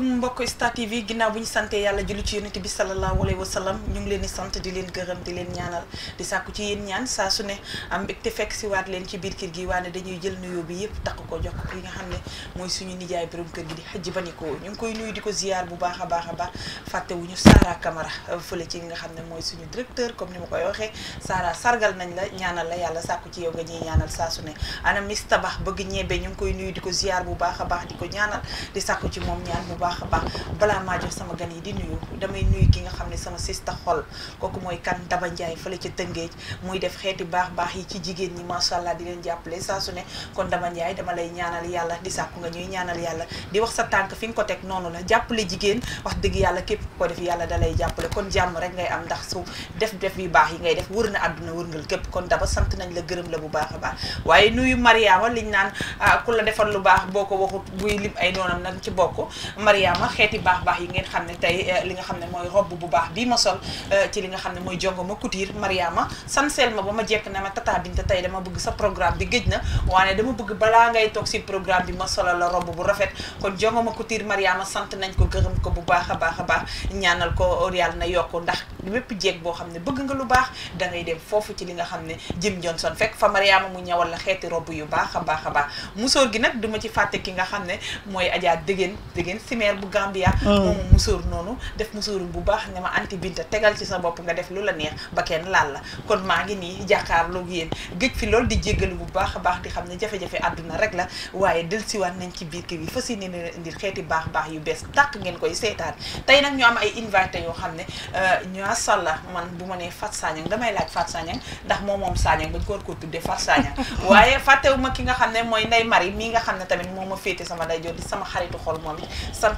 asalaamaaleykum mbokk Star TV ginnaaw bu ñu sante yàlla julli ci yonent bi salallaahu alayhi wa sallam ñu ngi leen di sant di leen gërëm di leen ñaanal di sàkku ci ñaan saa su am mbégte fekk si leen ci biir kër gi waane dañuy jël nuyoo bi yëpp takk ko jox yi nga xam ne mooy suñu nijaay borom kër gi di ñu ngi koy nuyu di ko ziyaar bu baax a baax a baax fàtte wu ñu Sara Camara fële nga xam ne mooy suñu directeur comme ni ma koy waxee Sara sargal nañ la ñaanal la yàlla sàkku ci yow nga ñuy ñaanal saa su ne ana mis tabax bëgg ñeebe ñu ngi koy nuyu di ko ziyaar bu baax a baax di ko ñaanal di sàkku ci moom ñaan bu baax baax a baax balaa maa jox sama gan yi di nuyu damay nuyu ki nga xam ne sama sista xol kooku mooy kan Daba Ndiaye fële ca Tëngéej muy def xeeti baax baax yi ci jigéen ñi macha allah di leen jàppale saa su ne kon Daba Ndiaye dama lay ñaanal yàlla di sàkku nga ñuy ñaanal yàlla di wax sa tànk fi nga ko teg noonu la jàppale jigéen wax dëgg yàlla képp ku ko def yàlla da lay jàppale kon jàmm rek ngay am ndax su def def yu baax yi ngay def wër na àdduna wërngal képp kon Daba sant nañ la gërëm la bu baax a baax waaye nuyu Mariama liñ naan ah, ku lu baax boo ko waxut buy lim ay Mariama xeeti baax baax yi ngeen xam ne tey eh, li nga xam ne mooy robb bu baax bii ma sol eh, ci li nga xam ne mooy jongo ma couture Mariama sanseel ma ba ma jekk na ma tata Binta tey dama bëgg sa programme bi géj na waane dama bi ma solal la robb bu rafet kon jongo ma couture Mariama sant nañ ko gërëm ko bu baax a baax a baax ñaanal ko yàlla na yokk ndax bépp jeeg boo xam ne bëgg nga lu baax da ngay foofu ci li nga xam ne Jim Johnson fekk fa Mariama mu ñawal la xeeti robb yu baax a baax a baax musóor gi nag duma ci fàtte ki nga xam ne mooy Adja dëggeen dëggeen maire bu Gambia. Ah. moom musóor noonu def musóorum bu baax ne ma anti binta tegal ci sa bopp nga def lu la neex ba kenn laal la kon maa ngi nii jàkkaarloog yéen géej fi loolu di jéggalu bu baax a baax di xam ne jafe-jafe àdduna rek la waaye dellusiwaat nañ ci biir kër yi fas yéene ne indil xeeti baax baax yu bees tàq ngeen koy seetaan tey nag ñu am ay invité yoo xam ne euh, ñoo salla man bu ma nee Fat Sagnang damay laaj Fat Sagnang ndax moom moom Sagnang bañ ko koo tuddee Fat Sagnang waaye fàttewuma ki nga xam ne mooy Ndeye Marie mii nga xam ne tamit moo ma féete sama ndeyjoor di sama xaritu xol moom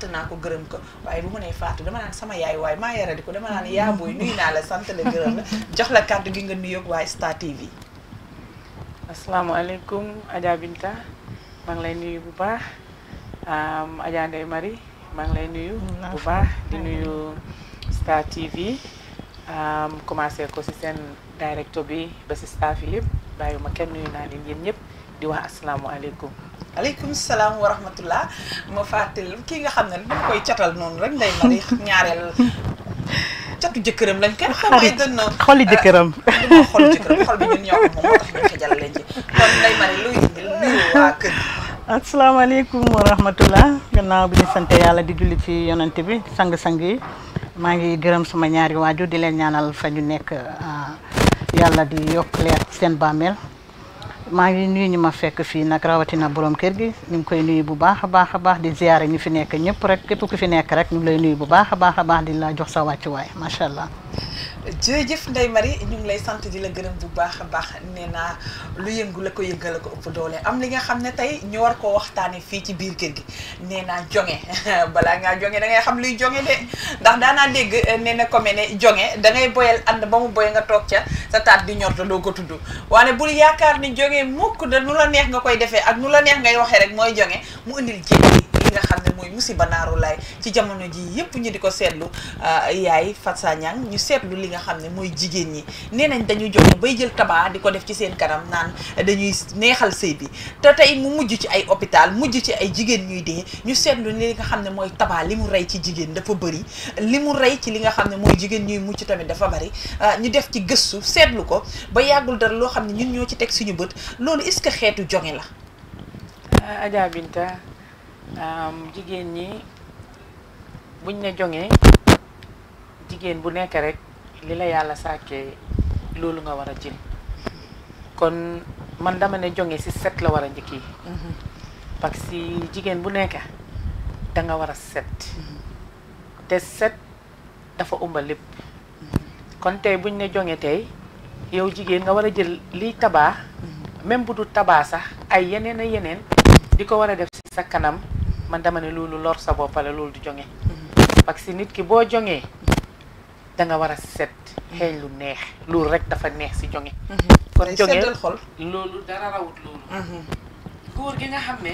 sant naa ko gërëm ko waaye bu mu nee dama naan sama yaay waaye maa yaradi ko dama naan yaa mm. nuyu naa la sant la gërëm la jox la kàddu gi nga nuyoog waaye Star TV. asalaamaaleykum Adja Binta maa ngi lay nuyu bu baax Adja Ndeye Marie lay nuyu. bu baax di nuyu Star TV. commencé ko si seen bi ba si staff yi yëpp bàyyi ma kenn nuyu naa leen yéen ñëpp. di wax asalaamaaleykum. aleykum salaam wa rahmatullah ma fàttali kii nga xam ne ni koy catal noonu rek nday mari ñaareel catu jëkkëram lañ kenn xam ay dënn xoli jëkkëram xol bi ñun ñoo moom tax ñu xejal leen ci kon nday mari luy indil nuyu waa kër asalaamaaleykum yàlla di julli ci yonante bi sang-sang yi maa ngi gërëm sama ñaari waajur di leen ñaanal fa ñu nekk ah, yàlla di yokk leer seen bàmmeel maa ngi nuyu ñu ma fekk fii nag rawatina borom kër gi ñu ngi koy nuyu bu baax a baax a baax di ziyaare ñu fi nekk ñëpp rek képp ku fi nekk rek ñu ngi lay nuyu bu baax a baax a baax di la jox sa wàccuwaay macha allah. jërëjëf Ndeye Marie ñu ngi lay sant di la gërëm bu baax a baax nee naa lu yëngu la ko yëngal la ko ëpp doole am li nga xam ne tey ñu war koo waxtaanee fii ci biir kër gi nee naa jonge balaa ngaa jonge da ngay xam luy jonge de ndax daanaa dégg eh, nee na ko mel ne jonge da ngay boyal ànd ba mu boy nga toog ca sa taat di ñor te doo ko tudd waaye bul yaakaar ni jonge mukk da nu la neex nga koy defee ak nu la neex ngay waxee rek mooy jonge mu indil jéeg nga xam ne mooy musiba naaru laay ci jamono ji yëpp ñu di ko seetlu euh, yaay Fatsa Niang ñu seetlu li nga xam ne mooy jigéen ñi nee nañ dañu jox bay jël tabac di ko def ci seen kanam dañuy neexal sëy bi te tey mu mujj ci ay hôpital mujj ci ay jigéen ñuy dee ñu seetlu li nga xam ne mooy tabac li mu rey ci jigéen dafa bëri li mu rey ci li nga xam ne mooy jigéen ñuy mucc tamit dafa bëri euh, ñu def ci gëstu seetlu ko ba yàggul dara loo xam ne ñun ñoo ci teg suñu bët loolu est-ce que xeetu jonge la euh, jigéen ñi buñ ne joŋee jigéen bu nekk rek li la yàlla sàkkee loolu nga war a jël kon man dama ne joŋe si set la war a njëkk yi mhm. parce que jigéen bu nekk da nga war a set mhm. te set dafa umba lépp mhm. kon tey buñ ne joŋe tey yow jigéen nga war a jël liy tabaa même bu dul tabaa sax ay yeneen a yeneen di ko war a def si sa kanam man dama ne loolu lor sa bopp la loolu du jonge parce que nit ki boo jongee da nga war a set xeeñ lu neex loolu rek dafa neex si jonge kon jonge xol loolu dara rawut loolu góor gi nga xam ne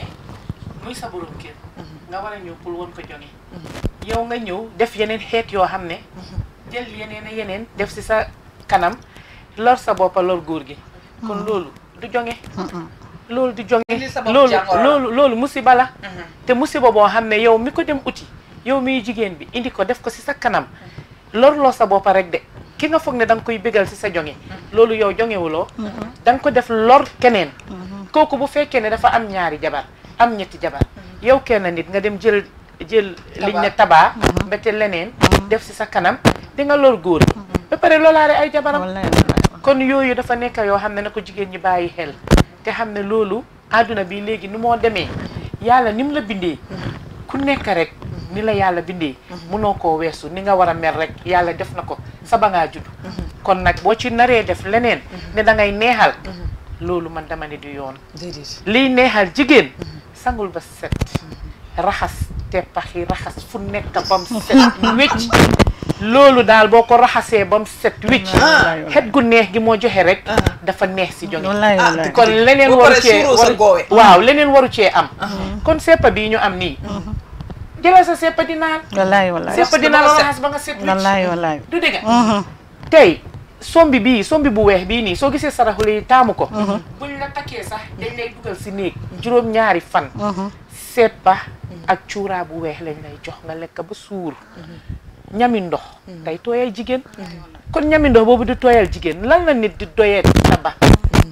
muy sa kër nga war a ñëw pour won ko jonge yow nga ñëw def yeneen xeet yoo xam ne jël yeneen a yeneen def si sa kanam lor sa bopp lor góor gi kon mm. loolu du jonge loolu di jonge loolu loolu loolu musiba la mhm. te musiba boo xam ne yow mi ko dem uti yow miy jigéen bi indi ko def ko ci sa kanam lorloo sa boppa rek de ki nga foog ne da koy bégal ci sa jonge mhm. loolu yow jongewuloo mhm. da ko def lor keneen kooku bu fekkee ne dafa am ñaari jabar am ñetti jabar yow kenn nit nga dem jël jël liñ ne tabaa mbete leneen def ci sa kanam dinga nga lor góor ba pare loolaare ay jabaram kon yooyu dafa nekk yoo xam ne na ko jigéen ñi bàyyi xel te xam ne loolu àdduna bi léegi ni moo demee yàlla ni mu la bindee ku nekk rek ni la yàlla bindee munoo koo weesu ni nga war a mel rek yàlla def na ko sa ba ngaa judd kon nag boo ci naree def leneen ne da ngay neexal loolu man dama ne du yoon liy neexal jigéen sangul ba set raxas teppax yi raxas fu nekk ba mu set wécc loolu daal boo ko raxasee ba set wécc ah. xet gu neex gi moo joxe rek ah. dafa neex si jóge ah, kon leneen waru cee waaw leneen waru cee am kon seppa bii ñu am nii mhm. jëlal sa seppa di naan wallaay wallaay seppa di naan ba nga set wécc wallaay wallaay du dégg mhm. tey sombi bii sombi bu weex bii nii soo gisee saraxule yi taamu ko mhm. buñ la takkee sax juróom ñaari fan ba mm-hmm. ak cuuraa bu weex lañ lay jox nga lekk ba suur ñami ndox day mm-hmm. tooyal jigéen mm-hmm. kon ñami ndox boobu di tooyal jigéen lan la nit di doyee taba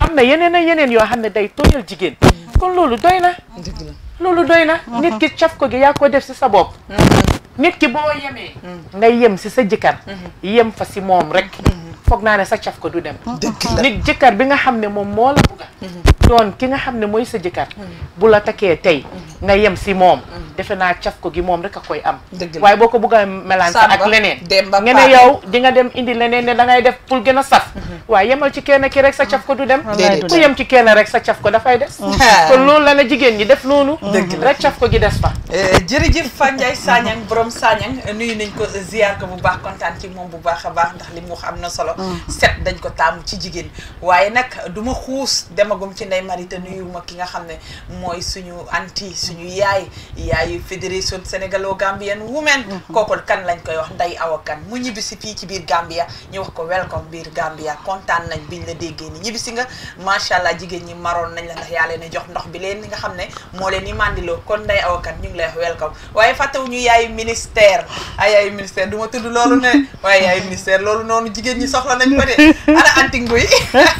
am na yeneen a yeneen yoo xam ne day tooyal jigéen kon loolu doy na loolu doy na nit ki caf ko gi yaa ko def si sa bopp nit ki boo yemee ngay yem si sa jëkkër yem fa si moom rek foog naa ne sa caf ko du dem nit jëkkër bi nga xam ne moom moo la bugga mm-hmm. doon ki nga xam ne mooy sa jëkkër mm-hmm. bu la takkee tey mm-hmm. nga yem si moom defe naa caf ko gi moom rek a koy am waaye boo ko bugg a melante ak leneen nga ne yow di nga dem indi leneen ne da ngay def pour gën a saf waaye yemal ci kenn ki rek sa caf ko du dem ku yem ci kenn rek sa caf ko dafay des kon loolu la na jigéen ñi def noonu rek caf ko gi des fa eh, jërëjëf Fandiaye Sagnang borom Sagnang nuyu nañ ko ziar ko bu baax kontaan ci moom bu baax a baax ndax li mu wax am na solo set dañ ko taamu ci jigéen waaye nag du ma xuus demagum ci Ndeye Marie te yu ma ki nga xam ne mooy suñu anti suñu yaay yaayu fédération sénégalo-gambienne women mm-hmm. kooku kan lañ koy wax Ndeye Awa Kane mu ñibbisi fii ci biir Gambia ñu wax ko welcome biir Gambia kontaan nañ biñ la déggee ni ñibbisi nga macha allah jigéen ñi maroon nañ la ndax yaa leen a jox ndox bi leen nga xam ne moo leen di mandiloo kon Ndeye Awa Kane ñu ngi lay wax welcome waaye fàttewuñu yaayu ministère ay yaayu du ma tudd loolu soxla nañ ko de ana antingu yi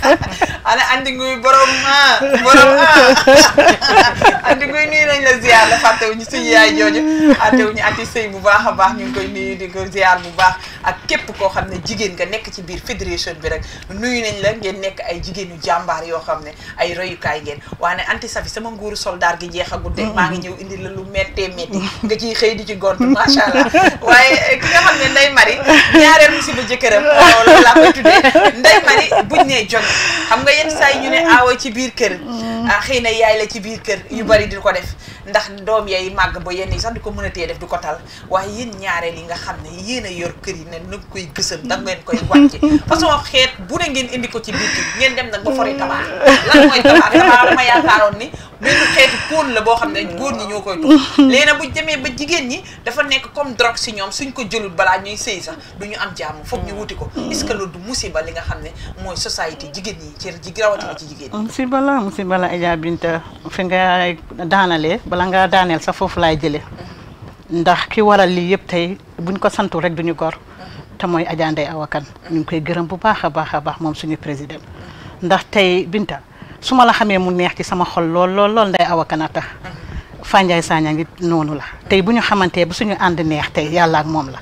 ana antingu yi borom ah borom ah antingu yi nuyu nañ la ziar la fàttewuñu suñu yaay jooju sëy bu baax a baax ñu ngi koy nuyu di ko ziar bu baax ak képp koo xam ne jigéen nga nekk ci biir fédération bi rek nuyu nañ la ngeen nekk ay jigéenu jàmbaar yoo xam ne ay royukaay ngeen waane anti safi sama nguuru soldaar gi jeexagul de maa ngi ñëw indi la lu méttee métti nga ciy xëy di ci gont macha allah waaye ki nga xam ne nday mari ñaareel musiba jëkkëram oh, loolu la koy tuddee nday mari buñ nee jog xam nga yenn saa yi ñu ne aawa ci biir kër mm. ah, xëy na yaay la ci biir kër yu bari di ko def ndax doom yay màgg ba yenn yi sax du ko mën a tee def du ko tal waaye yéen ñaareel yi nga xam ne yéen a yor kër yi ne nag koy gësam da ngeen koy wàcce façon xeet bu ne ngeen indi ko ci biir kër ngeen dem nag ba fori tabaar lan mooy tabaar tabaar ma yaakaaroon ni benn xeetu poone la boo xam ne góor ñi ñoo koy tux léegi bu demee ba jigéen ñi dafa nekk comme drogue si ñoom suñ ko jëlul balaa ñuy sëy sax du ñu am jàmm foog ñu wuti ko mm. est-ce que loolu du musiba li nga xam ne mooy société jigéen ñi ci ji rawatina ci jigéen ñi musiba la musiba la Adja Binta fi nga daanale bala ngaa daaneel sax foofu laay jëlee mm-hmm. ndax ki waral lii yëpp tey buñ ko santu rek duñu gor mm-hmm. te mooy Adja Ndeye Awa ñu ngi koy gërëm bu baax a baax a baax moom suñu président ndax tey Binta su ma la xamee mu neex ci sama xol lool lool lool nday awa kanata fandiay sagna ngi noonu la tey bu ñu xamantee bu suñu ànd neex tey yàlla ak moom la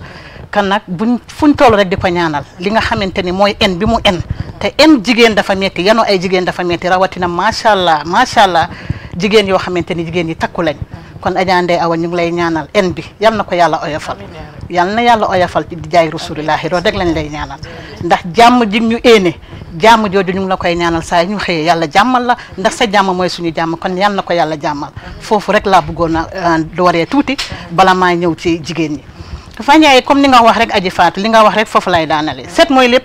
kan nag buñ ñu toll rek di ko ñaanal li nga xamante ni mooy en bi mu en te en jigéen dafa metti yanu ay jigéen dafa metti rawatina macha allah macha allah jigéen yoo xamante ni jigéen yi takku lañ kon Adja Ndeye Awa ñu ngi lay ñaanal en bi yal na ko yàlla oyofal yal na yàlla oyofal di jaay rasulillahi loolu rek lañ lay ñaanal ndax jàmm jooju ñu ngi la koy ñaanal saa ñu xëyee yàlla jàmmal la ndax sa jàmm mooy suñu jàmm kon yal na ko yàlla jàmmal foofu rek laa bëggoon a euh, dooree tuuti bala maa ñëw ci jigéen ñi fañaay comme ni nga wax rek aji faatu li nga wax rek foofu lay daanale set mooy lépp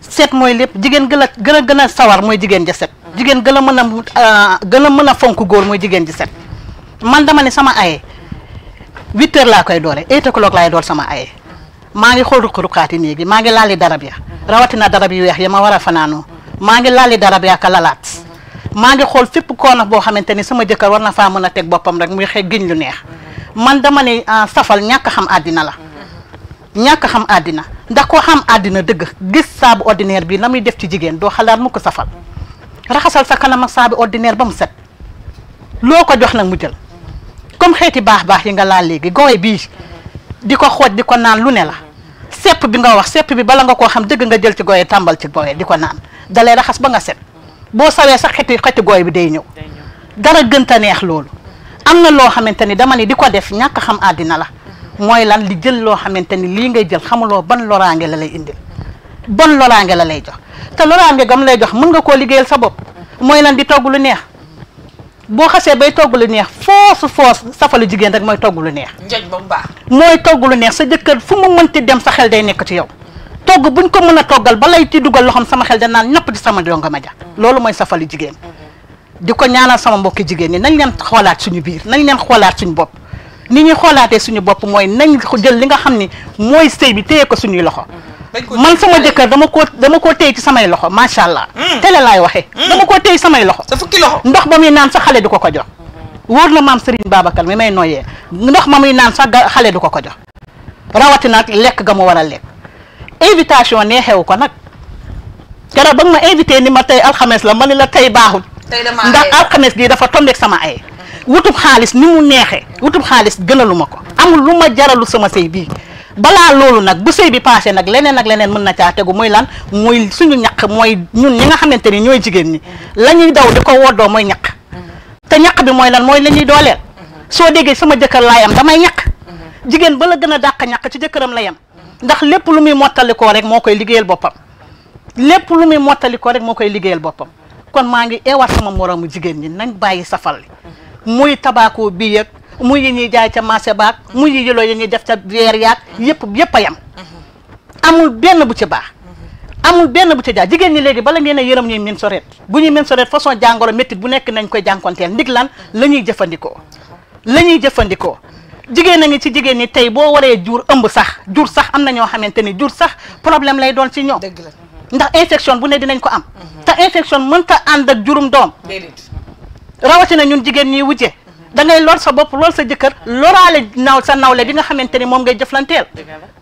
set mooy lépp jigéen gën a gën a gën a sawar mooy jigéen ja set jigéen gën a mën a euh, gën a mën a fonk góor mooy jigéen ji set man dama ne sama aye huit laa koy doore eight o'clock laay door sama aye maa ngi xool ruq-ruqaati néeg maa ngi laali darab ya rawatina darab yu weex ya ma war a fanaanoo maa ngi laali darab ya ka lalaat maa ngi xool fépp nag boo xamante ni sama jëkkër war na faa mën a teg boppam rek muy xëy giñ lu neex man dama ne ah, safal ñàkk xam àddina la ñàkk xam àddina ndax koo xam àddina dëgg gis saabu ordinaire bi la muy def ci jigéen doo xalaat mu ko safal raxasal sa kanam ak saabu ba mu set loo ko jox nag mu comme xeeti baax baax yi nga laal léegi gooy bii di ko xooj di ko naan lu ne la sepp bi nga wax sepp bi bala nga koo xam dëgg nga jël ci gooye tàmbal ci gooye di ko naan dalay raxas ba nga set boo sawee sax xeti xeti gooy bi day ñëw dara a neex loolu am na loo xamante ni dama ni di ko def ñàkk xam àddina la mhm. mooy lan di jël loo xamante ni lii ngay jël xamuloo ban loraange la lay indil bon loraange la lay jox te loraange gam lay jox mën nga koo liggéeyal sa bopp mhm. mooy lan di togg lu neex boo xasee bay togg lu neex foos foos safalu jigéen rek mooy togg lu neex. njëg ba mu baax. mooy togg lu neex sa jëkkër fu mu mënti dem sa xel day nekk ci yow. togg buñ ko mën a toggal ba lay ci dugal loxoom sama xel danaan ñëpp di sama donga ma ja loolu mooy safalu jigéen. di ko ñaanal sama mbokki jigéen ñi nañ leen xoolaat suñu biir nañ leen xoolaat suñu bopp. ni ñuy xoolaatee suñu bopp mooy nañ jël li nga xam ni mooy sëy bi téye ko suñuy loxo. man sama jëkkër dama ko dama ko téye ci samay loxo macha allah. Hmm. tele laay waxee. Hmm. dama koo téye samay loxo. sa fukki loxo ndox ba muy naan sa xale du ko ko jox. wóor na maam Serigne Babacar mi may noyyee ndox ma muy naan sax xale du ko ko jox rawatina lekk ga mu war a lekk invitation neexewu ko nag garab ba nga ma invité ni ma tey alxames la ma ni la tey baaxul. ndax alxames gi dafa tombeek sama ay. wutub xaalis ni mu neexee wutub xaalis gënalu ma ko. amul lu ma jaralu sama sëy bii. balaa loolu nag bu sey bi passé nag leneen ak leneen mën na caa tegu muy lan mooy suñu ñaq mooy ñun ñi nga xamante ni ñooy jigéen ñi mm-hmm. la ñuy daw di ko woddoo mooy ñaq mm-hmm. te ñaq bi mooy lan mooy la ñuy dooleel mm-hmm. soo déggee sama jëkkër laay am damay ñaq jigéen ba la gën a dàq ñaq ci jëkkëram la yem ndax lépp lu muy mottalikoo rek moo koy liggéeyal boppam lépp lu muy mottalikoo rek moo koy liggéeyal boppam kon maa ngi eewaat sama moromu jigéen ñi nañ bàyyi safal li muy tabakoo bi yëg muy yi ñuy jaay ca marché baak muy yi yiloo yi ñuy def ca weer yaak yëpp yëpp a yam amul benn bu ci baax amul benn bu ci jaay jigéen ñi léegi bala ngeen a yërëm ñuy men soreet bu ñuy men soreet façon jàngoro métti bu nekk nañ koy jànkonteel ndig lan la ñuy jëfandikoo la ñuy jëfandikoo jigéen na ci jigéen ñi tey boo waree jur ëmb sax jur sax am na ñoo xamante ni jur sax problème lay doon ci ñoom ndax infection bu ne dinañ ko am mhm. te infection mënta ànd ak jurum doom rawatina ñun jigéen ñi wujje da ngay lor sa bopp lool sa jëkkër loraale naw sa nawle bi nga xamante ni moom ngay jëflanteel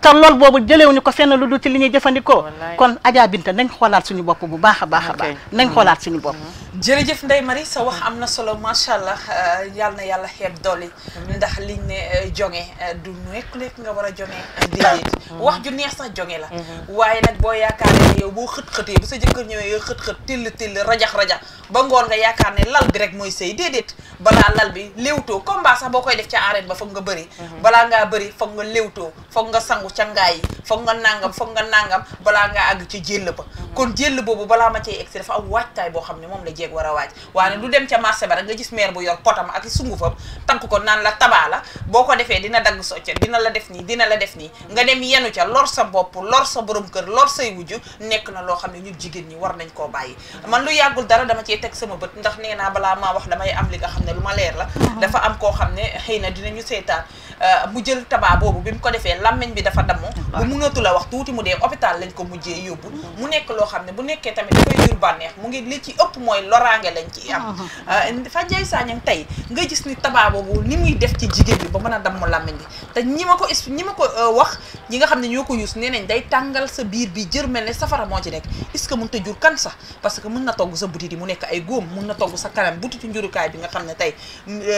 te lool boobu jëlewuñu ko fenn lu dul ci li ñuy jëfandikoo kon Adja Binta nañ xoolaat suñu bopp bu baax a baax a baax nañ mm-hmm. xoolaat suñu bopp mm-hmm. jërëjëf Ndeye mari sa wax am na solo macha allah euh, yal na yàlla xeeb dolli ndax liñ ne euh, jonge euh, du nekk nga war a jonge déedéet mm-hmm. wax ju neex sax jonge la waaye nag boo yaakaar ne yow boo xët-xëtee bu sa jëkkër ñëwee yow xët-xët till till rajax rajax ba ngoon nga yaakaar ne lal bi rek mooy sëy déedéet balaa lal bi léwtoo combat sax boo koy def ca arène ba foog nga bëri mhm. balaa ngaa bëri foog nga léwtoo foog nga sangu ca ngaay yi foog nga nangam foog nga nangam balaa nga àgg ca jéll ba mhm. kon jéll boobu balaa ma cay egsi dafa am waajtaay boo xam ne moom la jeeg war a waaj waaye mhm. du dem ca marché ba rek nga gis maire yor potam ak sungufam takk ko naan la tabaa la boo ko defee dina dagg socca dina la def nii dina la def nii nga dem yenu ca lor sa bopp lor sa borom kër lor say wujju nekk na loo xam ne ñun jigéen ñi war nañ koo bàyyi man lu yàggul dara dama cee teg sama bët ndax nee naa balaa maa wax damay am li nga xam ne lu ma leer la dafa am koo xam ne xëy na dina ñu seetaan euh, mu jël tabac boobu bi mu ko defee làmmiñ bi dafa damm bu mënatu a wax tuuti mu dee hôpital lañ ko mujjee yóbbu mu nekk loo xam ne bu nekkee tamit dafay mu ngi li ci ëpp mooy loraange lañ ci am euh, Fadjaye Sagnang tey nga gis ni tabac boobu ni muy def ci jigéen bi mën a damm làmmiñ bi te ñi ma ko ñi ma ko euh, wax ñi nga xam ne ñoo ko yuus nee nañ day tàngal sa biir bi jër mel ne safara moo ci rek est-ce que mën ta jur kan sax parce que mën na togg sa butit yi mu nekk ay góom mun na togg sa kanam butitu njurukaay bi nga xam ne tey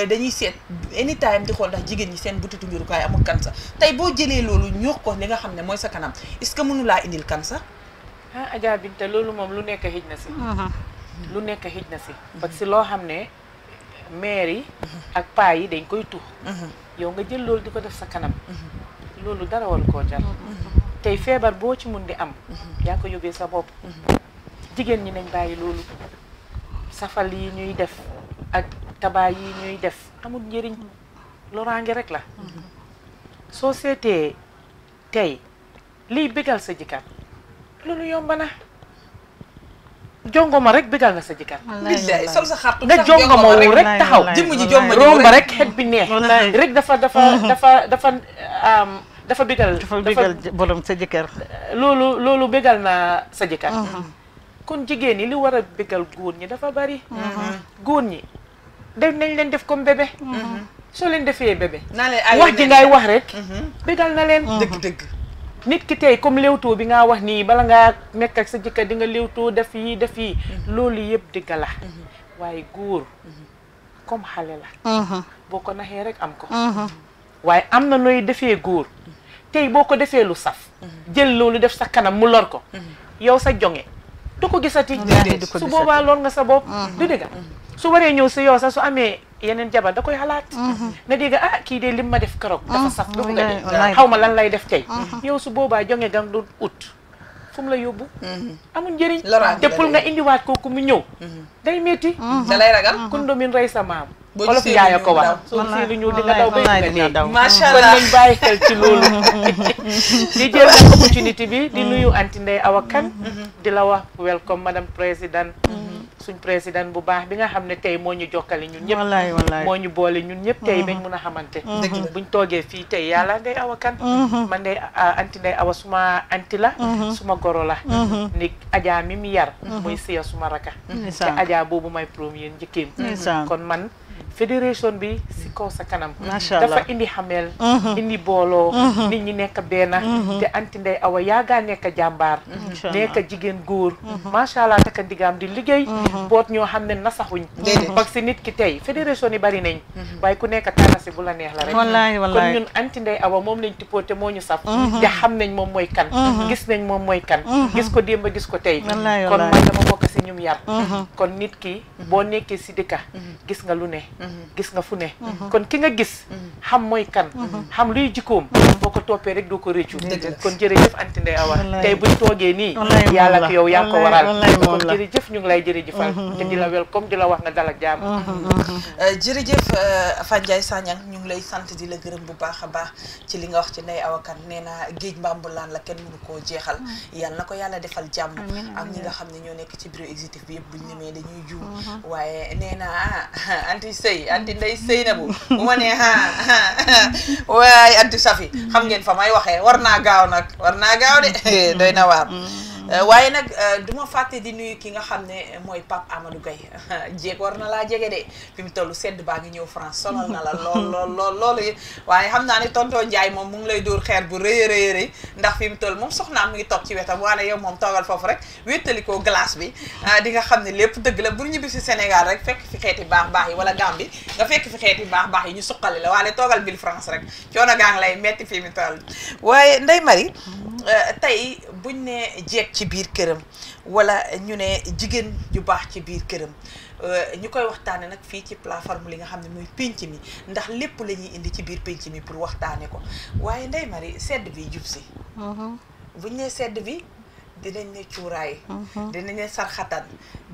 Euh, dañuy seet anytime di xool ndax jigéen ñi seen butitu njurukaay amul cancer tey boo jëlee loolu ñuux ko li nga xam ne mooy sa kanam est-ce que mënu laa indil cancer. ah Adja loolu moom lu nekk xëj na si. Mm-hmm. lu nekk xëj na si. loo xam ne maire yi. ak paa yi dañ koy tux mm-hmm. yow nga jël loolu di ko def sa kanam. Mm-hmm. loolu dara waru koo jar. tey feebar boo ci mun di am. yaa ko yóbbee sa bopp. jigéen ñi nañ bàyyi loolu. safal yi ñuy def. ak tabac yi ñuy def amul njëriñ loraange rek la mm-hmm. soo seetee tey liy bégal sa jëkkër loolu yomb na jongoma rek bégal na sa jëkkër sol sa xartu nga jongoma wu rek taxaw jëmm ji jomma romba rek xet bi neex rek dafa dafa mm-hmm. dafa dafa dafa bégal dafa bégal borom sa jëkkër loolu loolu bégal na sa jëkkër mm-hmm. kon jigéen ñi li war a bégal góor ñi dafa bari góor ñi def nañ leen def comme bébé. Mhm. Mhm. soo leen defee bébé. wax ji ngay wax rek. Mhm. bégal na leen. dëgg dëgg. nit ki tey comme léewtoo bi ngaa wax nii bala nga nekk sa jëkkër di nga léewtoo def yii def yii. loolu yëpp dëgg la. waaye góor. comme xale la. boo ko naxee rek am ko. waaye am na nooy defee góor. tey boo ko defee lu saf. jël loolu def sa kanam mu lor ko. yow sa jonge du ko gisati. su boobaa lor nga sa bopp du dëgg. su waree ñëw si yow sax su amee yeneen jabar da koy xalaat mhm. nga dégg ah kii de lim ma def keroog dafa mhm. saf lu a nga xaw ma lan lay def tey mhm. yow su boobaa jonge gam du ut fu la yóbbu amul njëriñ te pour nga indiwaat kooku mu ñëw day metti da lay ragal kundomin rey sa maam olof yaaya ko wax soo seeni ñuul di nga daw bay nga daw macha allah nañ bàyyi xel ci loolu di bi di nuyu anti Ndeye Awa Kane di la wax welcome madame président suñ président bu baax bi nga xam ne tey moo ñu jokkale ñun ñëpp wallaay wallaay moo ñu boole ñun ñëpp tey mm-hmm. bañ mun a xamante mm-hmm. buñ toogee fii tey yàlla nday awa kan mm-hmm. man a anti nday awa suma anti la suma goro la ni ajaa mi mi yar muy siya suma raka te ajaa boobu may premier njëkkeem kon man fédération bi si kaw sa kanam. macha allah dafa indi xamel. Mhm. indi booloo. Mhm. nit ñi nekk benn. Mhm. te anti ndey awa yaagaa nekk jàmbaar. nekk jigéen góor. macha allah takka ndigaam di liggéey. boot ñoo xam ne nasaxuñ. parce que nit ki tey fédération yi bari nañ. waaye ku nekk tànnasi bu la neex la rek. wallaay wallaay kon ñun anti awa moom lañ tippoo te moo ñu saf. te xam nañ moom mooy kan. gis nañ moom mooy kan. gis ko démb gis ko tey. wallaay wallaay kon man dama bokk si ñum yar. kon nit ki boo nekkee si dëkka gis nga lu ne. gis nga fu ne mhm. kon ki nga gis mhm. xam mooy kan mhm. xam luy jikkoom boo ko toppee rek doo ko réccu kon jërëjëf anti ndey awa tey buñ toogee nii yàlla ak yow yaa ko waral kon jërëjëf ñu ngi lay jërëjëfal te di la ñu ngi lay sant di la gërëm bu baax a baax ci li nga wax ci ndey awa kan nee naa géej mbambulaan la kenn mënu ko jeexal yàlla na ko yàlla defal jàmm ak ñi nga xam ne ñoo nekk ci bureau exécutif bi yëpp buñ nemee dañuy juum waaye nee naa anti sëy anti nday sëy na bu bu ma nee waaye anti safi xam ngeen fa may waxee war naa gaaw nag war naa gaaw de doy na waar mm-hmm. Euh, waaye nag euh, du ma fàtte di nuyu ki nga xam ne mooy Pape Amadou Gueye jéeg war na laa jege de fi mu toll sedd baa ngi ñëw France sonal na la lool lool lool loolu waaye xam naa ne tonton Ndiaye moom mu ngi lay dóor xeer bu rëy rëy rëy ndax fi mu toll moom soxna mu ngi toog ci wetam waane yow moom toogal foofu rek wéttali ko glace bi ah, di nga xam ne lépp dëgg la bu ñibbi si Sénégal rek fekk fi xeeti baax baax yi wala Gambie nga fekk fi xeeti baax baax yi ñu suqali la waane toogal bil France rek coono gaa lay metti fi mu waaye Ndeye Marie Euh, tey buñ ne jeeg ci biir këram wala ñu ne jigéen ju baax ci biir këram euh, ñu koy waxtaane nag fii ci plateforme li nga xam ne muy pénc mi ndax lépp la ñuy indi ci biir pénc mi pour waxtaane ko waaye Ndeye Marie sedd bi jub si mm-hmm. buñ ne sedd bi dinañ ne cuuraay. Uh-huh. dinañ ne sarxatan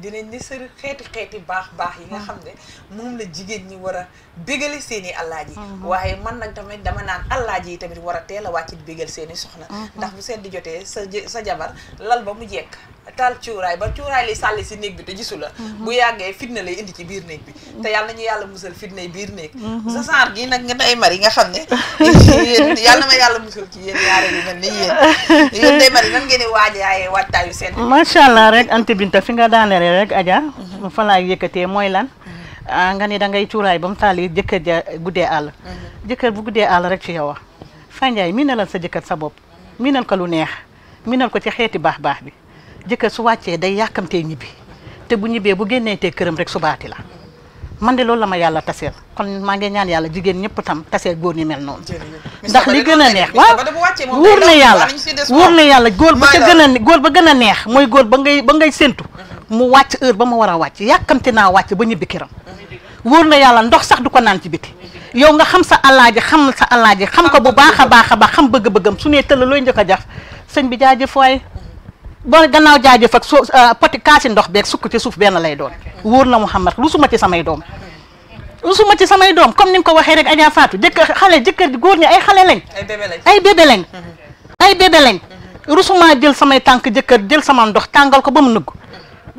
dinañ ne sër xeeti xeeti baax baax yi nga uh-huh. xam ne moom la jigéen ñi war a bégale seen i yi uh-huh. waaye man nag tamit dama naan allaaj yi tamit war a teel a wàcc di bégal seen soxna. ndax bu seen di jotee sa sa jabar lal ba mu jekk. taal cuuraay ba cuuraay li sàlli si néeg bi te gisu la mhm. bu yàggee fitna lay indi ci biir néeg bi mhm. te yàlla nañu yàlla musal fitna yi biir néeg mhm. sa saar gi nag nga day mari nga xam ne yàlla musal ci yéen yaare yu mel ni yéen yéen day mari nan ngeen di waajaaye waajtaayu seen macha allah rek Anta fi nga daanele rek Adja fa yëkkatee mooy lan ah, nga ni dangay cuuraay ba mu taali jëkkër ja guddee àll jëkkër bu guddee àll rek ci yow a Fandiaye miinalal sa jëkkër sa bopp miinal ko lu neex miinal ko ci xeeti baax baax bi jëkkër su wàccee day yàkkamtee ñibbi te bu ñibbee bu génnee te këram rek subaati la man de loolu la ma yàlla taseel kon maa ngi ñaan yàlla jigéen ñëpp tam taseel góor ñi mel noonu ndax li gën a neex waaw wóor na yàlla wóor na yàlla góor ba ca gën a góor ba gën a neex mooy góor ba ngay ba ngay séntu mu wàcc heure ba mu war a wàcc yàkkamte naa wàcc ba ñibbi këram wóor na yàlla ndox sax du ko naan ci biti yow nga xam sa alaaji xam sa alaaji xam ko bu baax a baax a baax bëgg-bëggam su nee tëla looy njëkk a jax sëñ bi jaajëf waay boo gannaaw jaajëf ak soo euh, poti kaasi ndox beeg sukk ci suuf benn lay doon wóor na xam Mouhamad rusuma ci samay doom rusuma ci samay doom comme ni nga ko waxee rek Adja Fatou jëkkër xale jëkkër góor ñi ay xale lañ ay bébé lañ ay bébé rusuma jël samay tànk jëkkër jël sama ndox tàngal ko ba mu nugg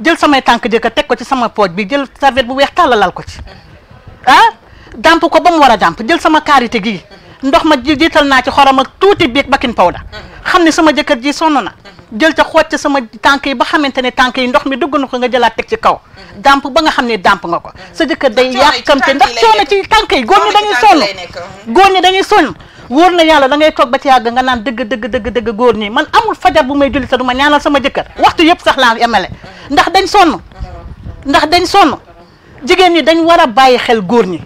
jël samay tànk jëkkër teg ko ci sama pooj bi jël serviette bu weex tàllalal ko ci ah dàmp ko ba mu war a dàmp jël sama karité gii ndox ma jiital naa ci xorom ak tuuti biig bakin powda xam ne sama jëkkër ji sonn na jël ca xooj ca sama tànk yi ba xamante ne tànk yi ndox mi dugg na ko nga jëlaat teg ci kaw dàmp ba nga xam ne dàmp nga ko sa jëkkër day yàkkamte ndax coono ci tànk yi góor ñi dañuy sonn góor ñi dañuy sonn wóor na yàlla da ngay toog ba ci yàgg nga naan dëgg dëgg dëgg dëgg góor ñi man amul fajar bu may julli a du ma ñaanal sama jëkkër waxtu yëpp sax laa emale ndax dañ sonn ndax dañ sonn jigéen ñi dañ war a bàyyi xel góor ñi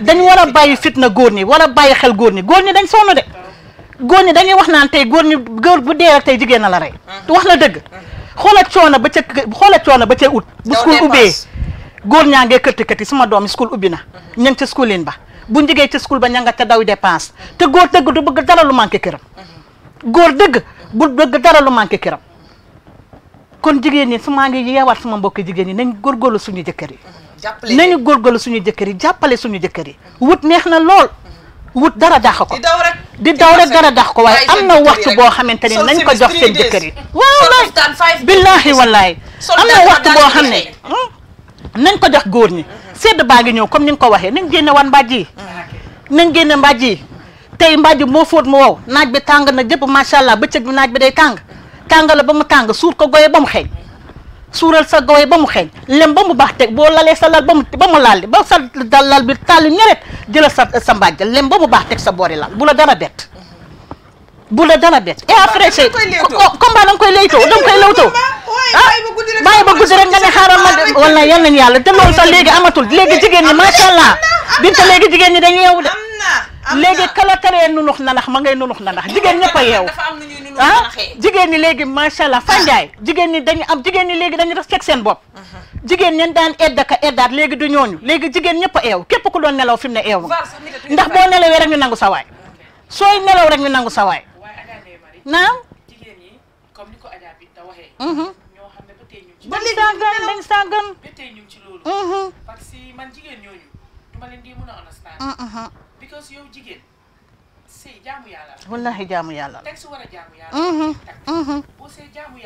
dañ war a bàyyi fitna góor ñi war bàyyi xel góor ñi góor ñi dañ sonn de góor ñi dañuy wax naan tey góor ñi góor bu dee rek tey jigéen na la rey. Uh-huh. wax na dëgg. xoola coono ba ca xoola coono ba ca ut. bu school ubbee góor ñaa ngee kërti kërti sama doom yi school ubbi na. Uh-huh. ña ngi ca schoolin ba bu ñu jógee school ba ña nga ca daw dépense te góor dëgg du bëgg dara lu manqué këram. Uh-huh. góor dëgg bu bëgg dara lu manqué këram. kon jigéen ñi su maa ngi yeewaat sama mbokk jigéen ñi nañ góorgóorlu suñu jëkkër yi. nañu góorgóorlu suñu jëkkër yi jàppale suñu jëkkër yi wut neex na lool. wut dara dàq ko di daw rek dara dax ko waaye am na waxtu boo xamante ne nañ ko jox seen jëkkër yi waaw laay billaahi wallaahi am na waxtu boo xam ne nañ ko jox góor ñi sedd baa ngi ñëw comme ni nga ko waxee nañ génne wan mbàjj yi nañ génne mbàjj yi tey mbàjj boo fóot mu wow naaj bi tàng na jëpp macha allah ba bëccëg bi naaj bi day tàng tàng la ba mu tàng suur ko goye ba mu xeeñ suural sa gowee ba mu xeeñ lem ba mu baax teg boo lalee sa lal ba mu ba mu laal ba sa lal bi taali ñeret jëlal sa sa mbaaj lem ba mu baax teg sa boori lal bu la dara bett bu la dara bett et après c'est combat da ah, nga koy laytoo da nga koy lawtoo ah bàyyi ba guddi rek nga ne xaaral ma wala yal nañ yàlla te loolu sax léegi amatul léegi jigéen ñi macha allah binte léegi jigéen ñi dañuy yeewu léegi kala karee nunux nanax ma ngay nunux nanax jigéen ñëpp a yeew ah jigéen ñi léegi macha allah fanjaay jigéen ñi dañu am jigéen ñi léegi dañu def fekk seen bopp uh-huh. jigéen ñeen daan edda ka eddaat léegi du ñooñu léegi jigéen ñëpp a eew képp ku doon nelaw fi mu ne eew nga ndax boo nelawee rek ñu nangu sawaay waay sooy nelaw rek ñu nangu sa waay naam mm-hmm. ba léegi dañ sàggan dañ sàggan ba tey ñu ci loolu mm-hmm. parce que man jigéen ñooñu du ma leen di mën a understand mm-hmm. because yow jigéen sëy jaamu yàlla la. wallaahi jaamu yàlla la. teg si war a jaamu yàlla. Mm-hmm, teg mm-hmm. boo sëy jaamu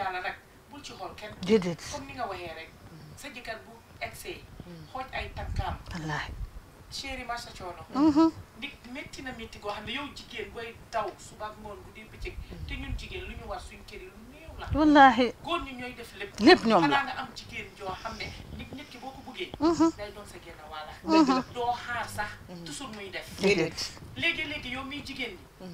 ci xool kenn. déedéet comme ni nga waxee rek mm-hmm. sa jëkkër bu egsee. xooj ay tànkaam. wallaahi. chéri ma sa coono. na métti goo xam ne yow jigéen booy daw suba ak jigéen lu ñu war suñ kër yi la. wallaahi góor ñi ñooy def lépp. lépp ñoom la nga am jigéen joo xam ne nit nit ki boo ko buggee. Mhm. day doon sa genn wàlla. Mhm. doo xaar sax mhm. toujours muy def. léegi léegi yow miy jigéen ñi.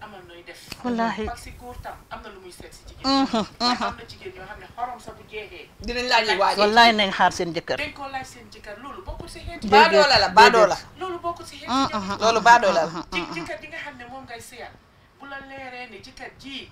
amal nooy def. wallaahi parce que góor tam am na lu muy seet si jigéen. ndax am na jigéen yoo xam ne xorom sa bu jeexee. dinañ laaj yi waajee wallaahi nañ xaar seen jëkkër. dañ koo laaj seen jëkkër loolu bokkul si xeeti. baadoola la baadoola. loolu bokkul si xeeti. loolu baadoola la. jëkkër ji nga xam ne moom ngay seyal bu la leeree ne jëkkër ji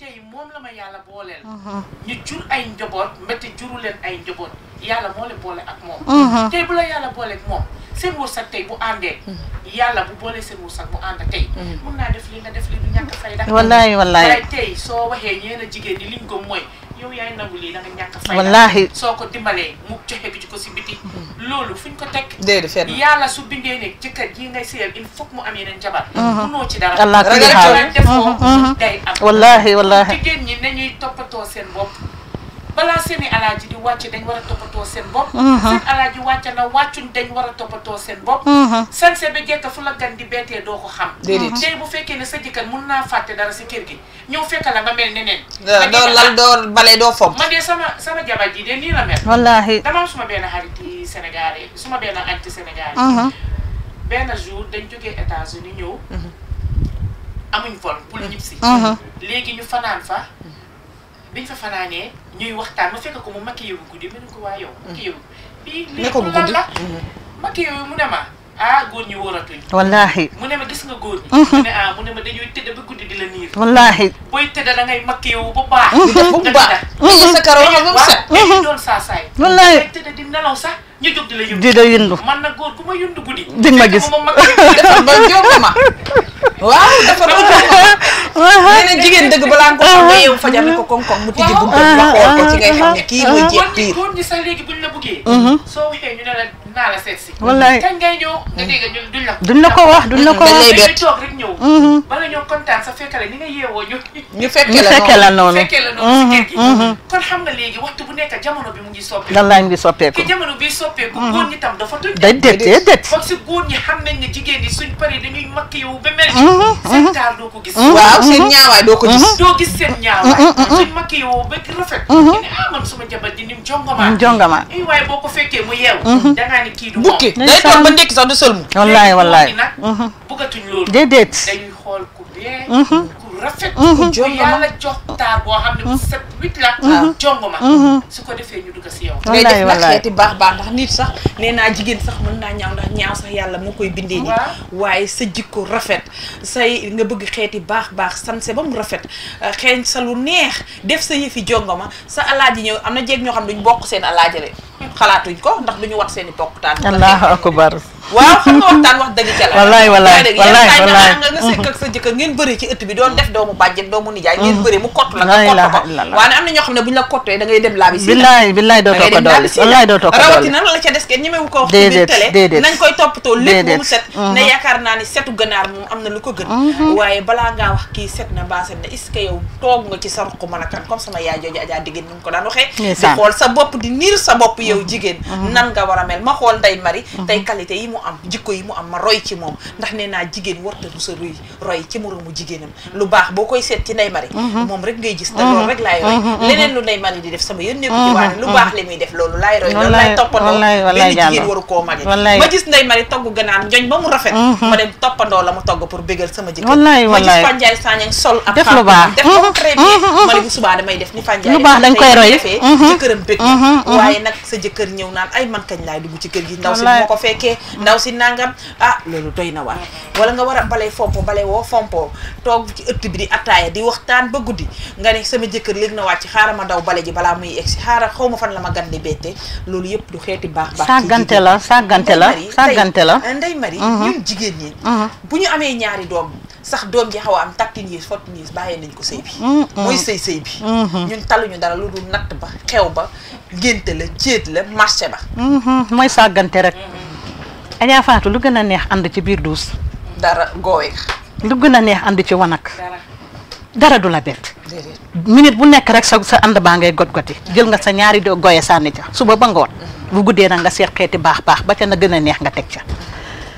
tey moom la ma yàlla booleel. Uh-huh. ñu jur ay njaboot mbete juru leen ay njaboot yàlla moo leen boole ak moom. Uh-huh. tey bu la yàlla booleeg moom seen wërsëg tey bu àndee. Uh-huh. yàlla bu boolee seen wërsëg bu ànd tey. mun naa def li nga def li du ñàkk fayda. wallaay wallaay tey soo waxee ñeena jigéen ñi liñ ko mooy. yow yaay nangu lii da nga ñàkk fay soo ko dimbalee mu joxe bi ci ko si biti mm-hmm. loolu fuñ ko teg déedéet fenn yàlla su bindee ne jëkkër ji ngay sëyal il faut mu am yeneen jabar mm-hmm. munoo ci dara allah kulli xaal def ko day am wallaahi wallaahi jigéen ñi nañuy toppatoo seen bopp balaa seeni alaaji di wàcc dañ war a toppatoo seen bopp mhm. seen alaaji wàcc na wàccuñ dañ war a toppatoo seen bopp mhm. sanse ba jekk fu la gan di beetee doo ko xam tey bu fekkee ne sa jëkkër mun naa fàtte dara si kër gi ñëw fekk la nga mel neneen doo lal ah, doo bale doo fob man de sama sama jabar ji de nii la mel wallaahi dama am suma benn xarit yi Sénégal yi suma benn xarit yi Sénégal yi mhm. benn jour dañ jógee États-Unis ñëw amuñ vol pour ñibbisi léegi ñu fanaan fa biñ fa fanaanee ñuy waxtaan ma fekk ko mu makki yow guddi ma ne ko waa yow. makki yow bii lii ko lan la mm-hmm. makki yow mu ne ma ah góor ñi wóoratuñ. wallaahi mu ne ma gis nga góor ñi. Mm-hmm. mu ne ah mu ne ma dañuy tëdd ba guddi di la niir. wallaahi booy tëdd da ngay makki yow bu baax. Mm-hmm. bu baax da nga sa karaw xam nga mu set. doon saa saay. wallaahi tëdd di nelaw sax. di la yëndu di la yëndu. man nag góor ku ma yëndu guddi. ma gis defar ba jóg ma. waaw defar ba jóg ma. nee na jigéen dëgg balaa nga ko xam ne yow fajal na ko koŋ mu tijji buntu ba xool ko ci ngay xam ne kii mooy jeex biir. góor ñi dinaa la seet si. wallaay kañ ngay ñëw. nga dégg ñun duñ la. duñ la ko wax duñ la ko wax dañ lay toog rek ñëw. Mm-hmm. bala ñoo kontaan sa fekkale ni nga yeewoo ñu. ñu fekkee la noonu ñu fekkee la noonu. si kër gi mm-hmm. kon xam nga léegi waxtu bu nekk jamono bi mu ngi soppeeku. lan laa ngi soppeeku. te jamono bi soppeeku. Mm-hmm. góor ñi tam dafa tuñ. day déet déet déet. foog si góor ñi xam nañ ne jigéen ñi suñ paree dañuy makk yow ba mel. seen taar doo ko gis. waaw seen ñaawaay doo ko gis. doo gis seen ñaawaay. suñ makk yow ba rafet. ñu ne ah man suma jabar ji ni mu jongama. jongama eh, waaye boo ko fekkee mu yeew naa ni kii du moom bukki day toog ba ndekki sax du rafet. bu jongo ma yàlla jox taar boo mm-hmm. mm-hmm. mm-hmm. su ko defee ñu dugg si yow. wallaay wallaay mais def na xeeti baax baax ndax nit sax nee naa jigéen sax mën naa ñaaw ndax ñaaw sax yàlla moo koy bindee nii. waaye sa jikko rafet say nga bëgg xeeti baax baax sanse ba mu rafet euh, xeeñ sa lu neex def sa yëfi jongo ma sa alaaji ñëw am na jeeg ñoo xam duñ bokk seen alaaji rek xalaatuñ ko ndax duñu wax seen i bokkutaan. allahu akbar waaw xam nga waxtaan wax dëgg ca la. wallaay wallaay wallaay wallaay sa jëkkër ngeen bëri ci ëtt bi doon def neex doomu bàjjen doomu nijaay ngeen mm. bëree mu kott la nga kott ko waane am na ñoo xam ne bu ñu la kottee da ngay dem laabi naa ni setu ganaar moom ko gën mm-hmm. waaye balaa ngaa wax kii set na baa toog nga ci sa ruq mën a kan comme sa bopp di niir sa mm-hmm. Mm-hmm. nan nga war a ma xool nday mari tey qualité yi mu am jikko yi mu am ma roy ci moom ndax nee naa jigéen warta du sa roy roy ci jigéenam lu baax baax boo koy seet ci Ndeye Marie mhm. moom rek ngay gis te loolu rek laay roy mhm. Mhm. leneen lu Ndeye Marie di def sama yónnee ko ci waane lu baax li muy def loolu laay roy loolu laay toppandoo benn jigéen waru koo magi ma gis ba mu rafet ma sol ak def lu baax def ko très ma def lu baax dañ koy roy defee jëkkëram bëgg waaye nag sa jëkkër ñëw naan ay man kañ laay dugg ci kër gi ndaw si moo ko fekkee ndaw si nangam ah loolu doy na waar wala nga war a balay fompo balay woo fompo toog ci ëtt bi di attaaya di waxtaan ba guddi nga ne sama jëkkër léegi na wàcc xaaral ma daw bale ji balaa muy si xaaral xaw ma fan la ma gan di bette loolu yëpp du xeeti baax baax sàggante la sàggante la sàggante la Ndeye Marie mm-hmm. ñun jigéen ñi mm-hmm. bu ñu amee ñaari doom sax doom ji xaw am taktin yi fottin bàyyee nañ ko sëy bi mm-hmm. mooy sëy sëy bi ñun taluñu dara lu dul natt ba xew ba ngénte la jéet la marché ba mooy sàggante rek Adja Fatou lu gën a neex ànd ci biir duus dara gooweex lu gën a neex ànd ci wanak dara du la bett minute bu nekk rek sa sa ànd baa ngay got goti jël nga sa ñaari do goye sànni ca suba ba ngoon mm-hmm. bu guddee nag nga seet xeeti baax baax ba ca na gën a neex nga teg ca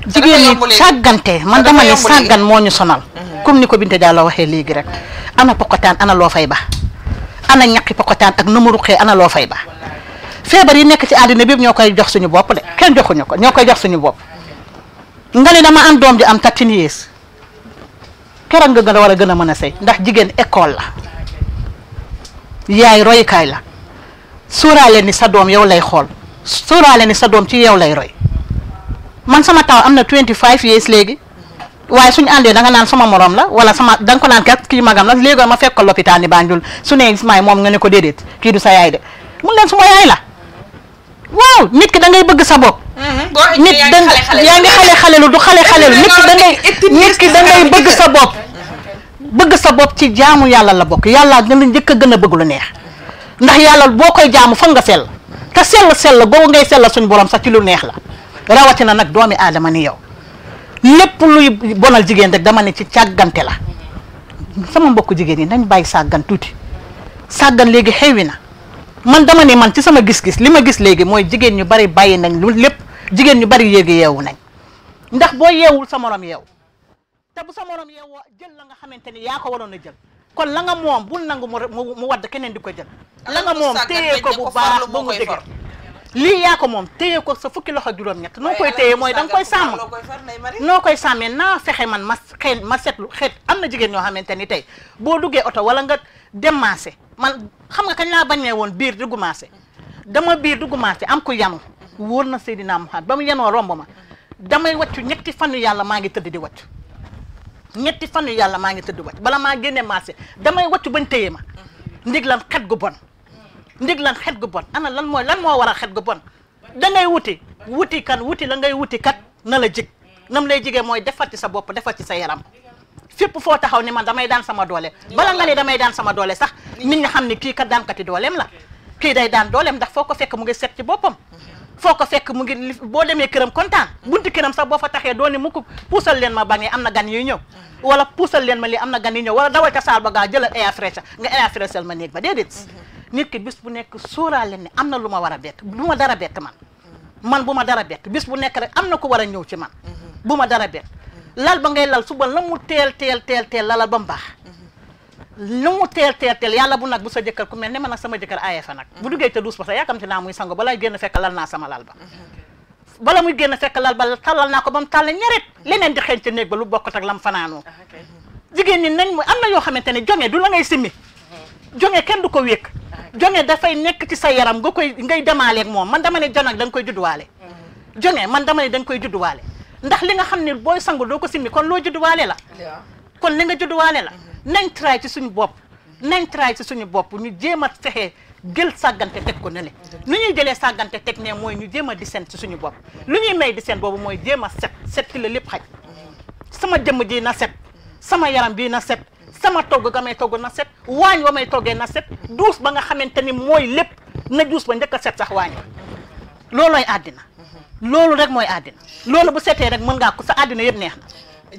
jigéen ñi sàggante man dama ne sàggan moo ñu sonal mm-hmm. comme ni ko binte Binta loo waxee léegi rek ana pokotaan ana loo fay ba ana ñaqi pokotaan ak numéro xee ana loo fay ba feebar yi nekk ci àddina bi ñoo koy jox suñu bopp de kenn joxuñu ko ñoo koy jox suñu bopp nga ne dama am doom ji am tatini keroog nga gën a war a gën a mën a sëy ndax jigéen école la yaay royukaay la suuraale ni sa doom yow lay xool suuraale ni sa doom ci yow lay roy man sama taw am na 25 years léegi waaye suñu andee danga nga naan sama morom la wala sama da nga ko naan kat kii magam la léegi ma fekk ko lopitaan ni Banjul su ne Ismaay moom nga ne ko déedéet kii du sa yaay de mun leen suma yaay la waaw nit ki da bëgg sa bopp. Mm-hmm. nit da yaa ngi xale xalelu du xale xalelu nit da ngay nit ki da ngay bëgg sa bopp bëgg sa bopp ci jaamu yàlla la bokk yàlla dana njëkk a gën a bëgg lu neex ndax yàlla boo koy jaamu fan nga sell te sell sell googu ngay sell suñu borom sax ci lu neex la rawatina nag doomi aadama ni yow lépp luy bonal jigéen rek dama ne ci càggante la sama mbokk jigéen yi nañ bàyyi sàggan tuuti sàggan léegi xewwi na man dama ne man ci sama gis-gis li ma gis léegi mooy jigéen ñu bari bàyyi nañ lu lépp jigéen ñu bari yéegi yeewu nañ ndax boo yeewul sa moroom yeew te bu sa morom yeewoo jël la nga xamante ni yaa ko waroon a jël kon la nga moom bul nangu mu mu wadd keneen di ko jël la nga moom téye ko bu baax ba mu dëgër lii yaa ko moom téye ko sa fukki loxo juróom-ñett noo koy téye mooy da nga koy sàmm noo koy sàmmee naa fexe man ma xee ma seetlu xeet am na jigéen ñoo xamante ni tey boo duggee oto wala nga demaase man xam nga kañ laa bañee woon biir di gumaase dama biir di gumaase am ku yamu wóor na Seydina Muhammad ba mu yenoo romb ma damay wàccu ñetti fanu yàlla maa ngi tëdd di wàccu ñetti fanu yàlla maa ngi tëdd wàcc bala maa génne marché damay wàccu bañ téye ma ndig lan xet gu bon ndig lan xet gu bon ana lan mooy lan moo war a xet gu bon dangay wuti wuti kan wuti la ngay wuti kat na la jig nam lay jigee mooy defar ci sa bopp defar ci sa yaram fépp foo taxaw ni man damay daan sama doole bala nga ne damay daan sama doole sax nit ñi xam ne kii kat daan kati la kii day daan dooleem ndax foo ko fekk mu ngi set ci boppam foo ko fekk mu ngi boo demee këram kontaan bunti këram sax boo fa taxee dooni mu ko puusal leen ma bange am na gan yuy ñëw wala puusal leen ma lii am na gan yuy ñëw wala dawal ca saal ba gaa jëlal air fraîche nga air fraîchel ma néeg ba déedéet mm-hmm. nit ki bis bu nekk sóoraa leen ne am na lu ma war a bett du ma dara bett man mm-hmm. man bu ma dara bett bis bu nekk rek am na ko war a ñëw ci man mm-hmm. bu ma dara bett lal ba ngay lal suba la mu teel teel teel teel lalal ba mu baax lu mu teel teel yàlla bu nag bu sa jëkkër ku mel ne ma nag sama jëkkër aye fa nag bu duggee te duus ba sax yaakamti naa muy sango balay génn fekk lal naa sama lal ba bala muy génn fekk lal ba tallal naa ko ba mu tàll ñaret leneen di xeeñ ca néeg ba lu ak lam fanaanoo ah, jigéen ñi nañ mu am na yoo xamante ne jonge du la ngay simmi jonge kenn du ko wékk ah, jonge dafay nekk ci sa yaram nga koy ngay demaaleeg moom man dama ne jonag da nga koy judduwaale mm-hmm. jonge man dama ne da koy judduwaale ndax li nga xam ne booy sangu doo ko simmi kon loo judduwaale la kon li nga judduwaale la mm-hmm. nañ tray ci suñu bopp nañ tray ci suñu bopp ñu jéem a fexe jël sàggante teg ko ne le nu ñuy jëlee sàggante teg ne mooy ñu jéem a di seen ci suñu bopp lu ñuy may di boobu mooy jéem a set set ki la lépp xaj sama jëmm ji na set sama yaram bii na set sama togg ga may togg na set waañ wa may toggee na set duus ba nga xamante ni mooy lépp na duus ba njëkk set sax waañ wa loolooy àddina loolu rek mooy àddina loolu bu setee rek mën ngaa ko sa àddina yëpp neex na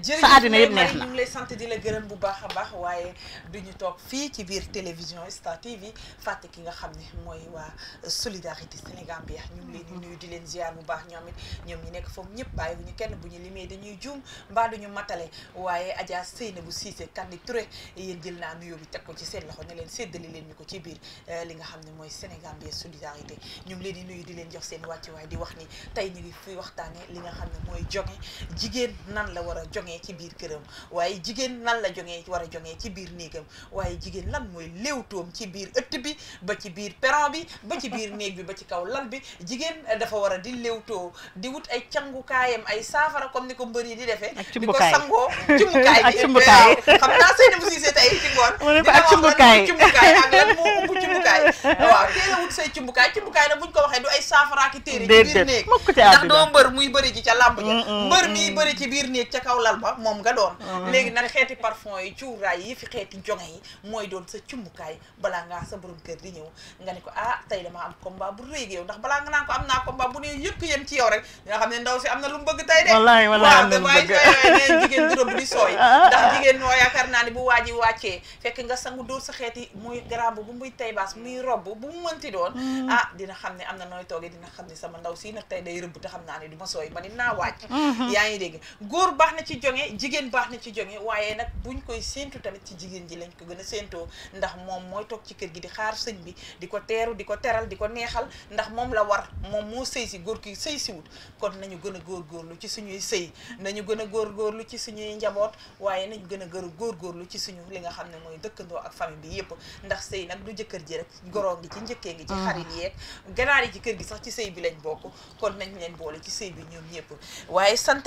sa àddina yëpp neex na ñu ngi lay sant di la gërëm bu baax a baax waaye ñu toog fii ci biir télévision Star TV fàtte ki nga xam ne mooy waa solidarité Sénégambia ñu ngi leen di nuyu di leen ziar bu baax ñoom ñoom ñi nekk foofu ñëpp bàyyiwuñu kenn bu ñu limee dañuy juum mbaa duñu matale waaye Adja Seynabou Cissé Kandi Touré yéen jël naa nuyoo teg ko ci seen loxo ne leen séddale leen ñu ko ci biir euh, li nga xam ne mooy Sénégambia solidarité ñu ngi leen di nuyu di leen jox seen wàccuwaay di wax ni tey ñu ngi waxtaan waxtaane li nga xam ne mooy joge jigéen nan la war a joge jongee ci biir këram waaye jigéen nan la jongee war a jongee ci biir néegam waaye jigéen lan mooy léewtoom ci biir ëtt bi ba ci biir perron bi ba ci biir néeg bi ba ci kaw lal bi jigéen a di léewtoo di wut ay cangukaayam ay saafara comme ni di defee di ko sangoo cumbukaay bi cumbukaay xam naa seen bu siisee tey ci ngoon di ko cumbukaay cumbukaay ak lan moo ëmb cumbukaay waaw teel a wut say cumbukaay cumbukaay nag ko waxee du ay saafara ak téere ndax doo mbër muy bëri ji ca làmb ja mm, mm, mbër mm, miy bëri ci biir néeg ca kaw lal dal ba moom nga doon ah. léegi nag xeeti parfum yi cuuraay yi fi xeeti jonge yi mooy doon sa cumbukaay balaa ngaa sa borom kër di ñëw nga ne ko ah tey dama am combat bu rëy yow ndax balaa nga naan ko am naa combat bu ne yëkk yem ci yow rek nga xam ne ndaw si na lu mu bëgg tey de wallaay wallaay am na lu jigéen du rëbb di sooy ah. ndax jigéen ñoo yaakaar naa ne bu waa ji wàccee fekk nga sangu dóor sa xeeti muy garamb bu muy tay baas muy robb bu mu mënti doon mm. ah dina xam ne am na nooy toogee dina xam ne sama ndaw si nag tey day rëbb t xam naa ne du ma sooy ma ni naa wàcc mm-hmm. jonge jigéen baax na ci jonge waaye nag ñu koy séentu tamit ci jigéen ji lañ ko gën a séentoo ndax moom mooy toog ci kër gi di xaar sëñ bi di ko teeru di ko teral di ko neexal ndax moom la war moom moo sëy si góor ki sëy si wut kon nañu gën a góorgóorlu ci suñuy sëy nañu gën a góorgóorlu ci suñuy njaboot waaye nañu gën a gën a góorgóorlu ci suñu li nga xam ne mooy dëkkandoo ak fan bi yëpp ndax sëy nag du jëkkër ji rek goroo ngi ci njëkkee ngi ci ah. xarit yeeg ganaar yi ci kër gi sax ci sëy bi lañ bokk kon nañ leen boole ci sëy bi ñoom ñëpp waaye sant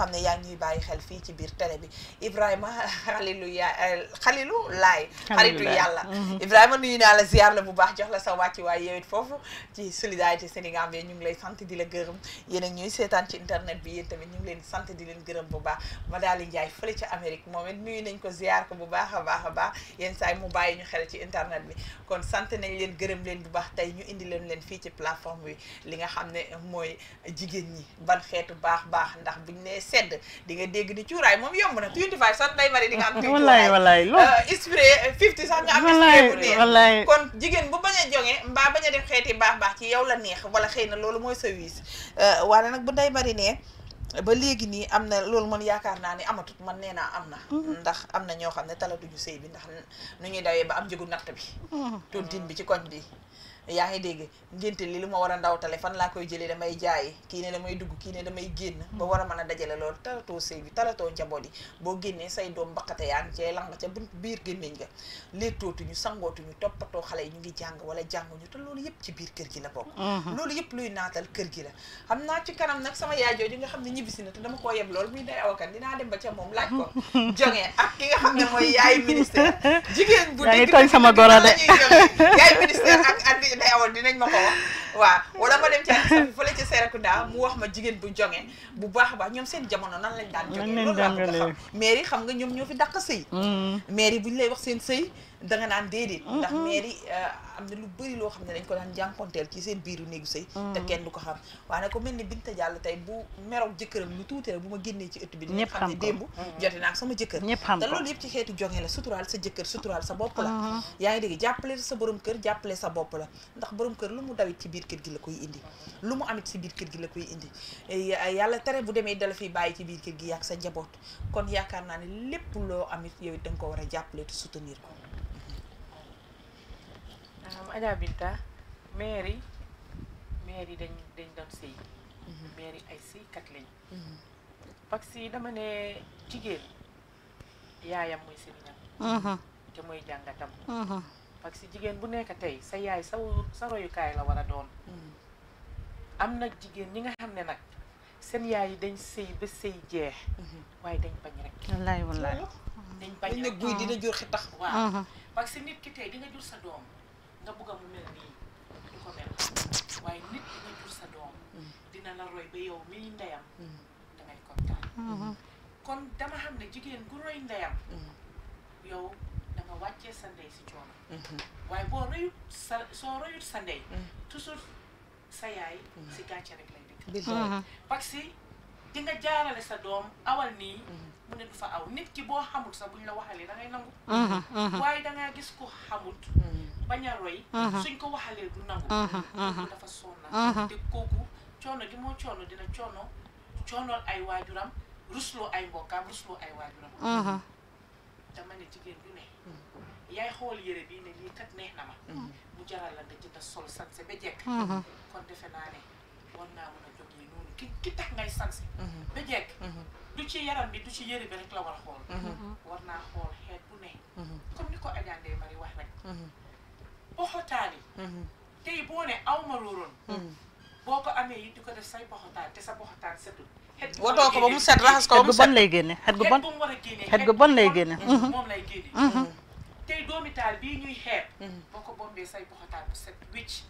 xam ne yaa ngi ñuy bàyyi xel fii ci biir télé bi Ibrahima xalilu ya xalilu laay xaritu yàlla mhm. Ibrahima nuyu naa la ziar la bu baax jox la sa wàcci waay yow it foofu ci solidarité Sénégal bi ñu ngi lay sant di la gërëm yéen ñuy seetaan ci internet bi tamit ñu ngi leen sant di leen gërëm bu baax Madali Ndiaye fële ca Amérique moom it nuyu nañ ko ziar ko bu baax a baax a baax yenn saa yi mu bàyyi ñu xel ci internet bi kon sant nañ leen gërëm leen bu baax tey ñu indi leen leen fii ci plateforme bi li nga xam ne mooy jigéen ñi ban sedd di nga dégg di cuuraay moom yomb na 25 sax day bari di nga am. wallaay wallaay loolu euh, spray 50 euh, sax nga am. spray bu neex kon jigéen bu bañ a joŋe mbaa bañ a def xeeti baax baax ci yow la neex wala xëy na loolu mooy service euh, waaye nag bu day bari nee. ba léegi nii am na loolu man yaakaar naa ni amatut man nee naa am na. Mhm. ndax am na ñoo xam ne ju sëy bi ndax nu ñuy dawee ba am njëgu natt bi. Mhm. tontin bi ci koñ bi. yaa ngi dégg ngénte li lu ma war a ndawtale fan laa koy jëlee damay jaayi kii ne damay dugg kii ne damay génn ba war a mën a dajale loolu talatoo sëy bi talatoo njaboot yi boo génnee say doom mbaqate yaa ngi cay lang ca bunt biir gémmiñ nga léetootuñu sangootuñu toppatoo xale yi ñu ngi jàng wala jànguñu te loolu yëpp ci biir kër gi la bokk mhm. loolu yëpp luy naatal kër gi la xam naa ci kanam nag sama yaay jooju nga xam ne ñibbisi na te dama koo yeb lool muy day awakan dinaa dem ba ca moom laaj ko jongee ak ki nga xam ne mooy yaay ministère jigéen sama goro de yaay day awoon dinañ ma ko wax waaw wala ma dem ci sax fële ci Serekunda mu wax ma jigéen bu jonge bu baax a baax ñoom seen jamono nan lañ daan jógee loolu laa ko xam mairie xam nga ñoom ñoo fi dàq sëy mm. mairie bu ñu lay wax seen sëy danga naan déedéet. ndax maire yi euh, am na lu bëri loo xam ne dañ ko daan jànkonteel ci seen biiru néegu sëy mm. te kenn du ko xam waaye nag ko mel ni Binta Diallo tey bu meroog jëkkëram lu tuuti bu ma génnee ci ëtt bi dina xam ne démb jote naa sama jëkkër te loolu yëpp ci xeetu joxe la sa jëkkër suturaal sa bopp la mm-hmm. yaa ngi dégg jàppale sa borom kër jàppale sa bopp la ndax borom kër lu mu dawit ci biir kër gi la koy indi lu mu amit ci biir kër gi la koy indi yàlla tere bu demee dala fi bàyyi ci biir kër gi yàgg sa njaboot kon yaakaar naa ne lépp loo amit yow it danga ko war a jàppale te soutenir ko Adja Binta maire yi maire yi dañ dañ doon sëy mhm. maire yi ay sëykat lañ mhm. parce que dama ne jigéen yaayam mooy sëriñam mhm. te mooy jàngatam parce que jigéen bu nekk tey sa yaay sa sa royukaay la war a doon am na jigéen ñi nga xam ne nag seen yaay yi dañ sëy ba sëy jeex waaye dañ bañ rek wallaay wallaay dañ bañ rek nag buy dina jur xetax waaw parce que nit ki tey di jur sa doom nga bëgg a mu mel nii du ko mel waaye nit ki nga jur sa doom dina la roy ba yow mii ndeyam dangay kontaan kon dama xam ne jigéen gu roy ndeyam yow danga wàccee sa ndey si coono waaye boo royut sa soo royut sa ndey toujours sa yaay si gàcce rek lay dëkk parce que di nga jaarale sa doom awal nii mu ne du fa aw nit ki boo xamut sax buñ la waxalee da nangu waaye dangaa gis ko xamut bañ a roy suñ ko waxalee du nangu dafa sonna te kooku coono di moo coono dina coono coonool ay waajuram rusloo ay mbokkaam rusloo ay waajuram dama ne jigéen du ne yaay xool yére bi ne lii kat neex na ma mu jaral la nga jënd sol sanse ba jekk kon defe naa ne war naa mën a jóg yi noonu ki tax ngay sanse ba jekk du ci yaram bi du ci yére bi rek la war xool war naa xool xeet bu ne comme ni ko ajaandee mari wax rek poxotaan yi mm-hmm. tey boo ne aw ma róoroon mm-hmm. boo ko amee it di ko def say poxotaan te sa poxotaan setul xet watoo ko ba mu set raxas ko ba mu set xet gu bon lay génne xet gu bon war a génne xet gu bon lay génne mm-hmm. moom lay génne tey doomi taal bii ñuy xeeb boo ko bombee say poxotaan bu set wicc